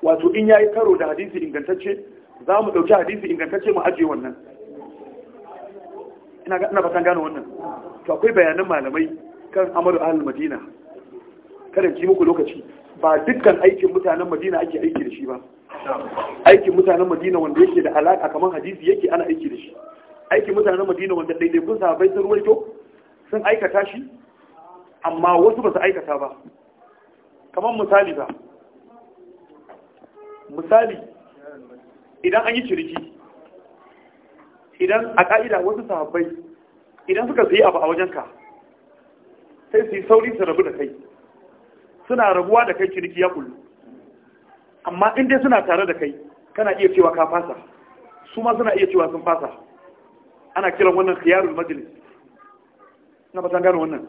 wato in yi karo da hadisi ingantacce za mu ɗauki hadisi ingantacce mu ajiye wannan ina ga ina fatan gano wannan to akwai bayanan malamai kan amaru ahal madina kada ji muku lokaci ba dukkan aikin mutanen madina ake aiki da shi ba aikin mutanen madina wanda yake da alaka kamar hadisi yake ana aiki da shi aikin mutanen madina wanda daidai kun sahabbai sun ruwaito sun aikata shi amma wasu ba su aikata ba kamar misali ba misali idan an yi ciniki idan a ƙa'ida wasu sahabbai idan suka sayi abu a wajenka sai su yi sauri su rabu da kai suna rabuwa da kai ciniki ya kullu amma in dai suna tare da kai kana iya cewa ka fasa su ma suna iya cewa sun fasa ana kiran wannan khiyarul majlis na ba gano wannan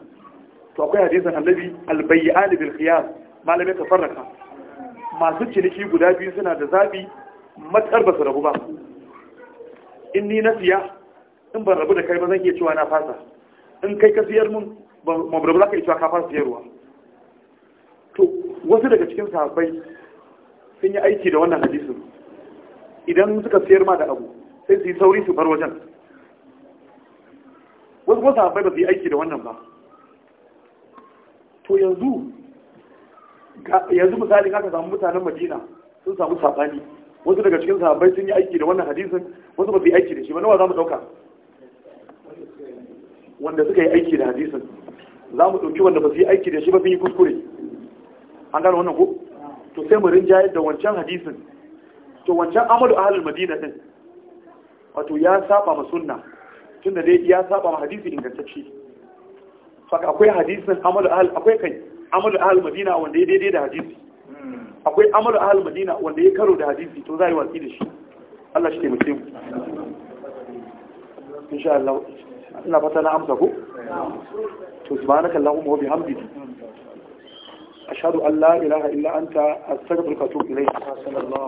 to akwai hadisin annabi albayyan bil khiyar malamai ka farraka masu ciniki guda biyu suna da zabi matsar ba su rabu ba in ni na siya in ban rabu da kai ba zan iya cewa na fasa in kai ka siyar mun ba rabu za ka iya cewa ka fasa siyarwa to wasu daga cikin sahabbai sun yi aiki da wannan hadisin idan suka siyar ma da abu sai su yi sauri su bar wajen wasu kuma sahabbai ba su yi aiki da wannan ba to yanzu yanzu misali ka samu mutanen madina sun samu sabani wasu daga cikin sahabbai sun yi aiki da wannan hadisin wasu ba su yi aiki da shi ba nawa za mu ɗauka wanda suka yi aiki da hadisin za mu ɗauki wanda ba su yi aiki da shi ba sun yi kuskure an gano wannan ko to sai mu rinjayar da wancan hadisin to wancan amadu ahalul madina din wato ya saba ma sunna tunda dai ya saba ma hadisi ingantacce saka akwai hadisin amalu ahal akwai kai amalu ahal madina wanda ya daidai da hadisi akwai amalu ahal madina wanda ya karo da hadisi to za yi watsi da shi Allah shi taimake mu insha Allah ina fata na amsa ko to subhanaka allahumma wa bihamdika ashhadu an la ilaha illa anta astaghfiruka wa atubu ilayk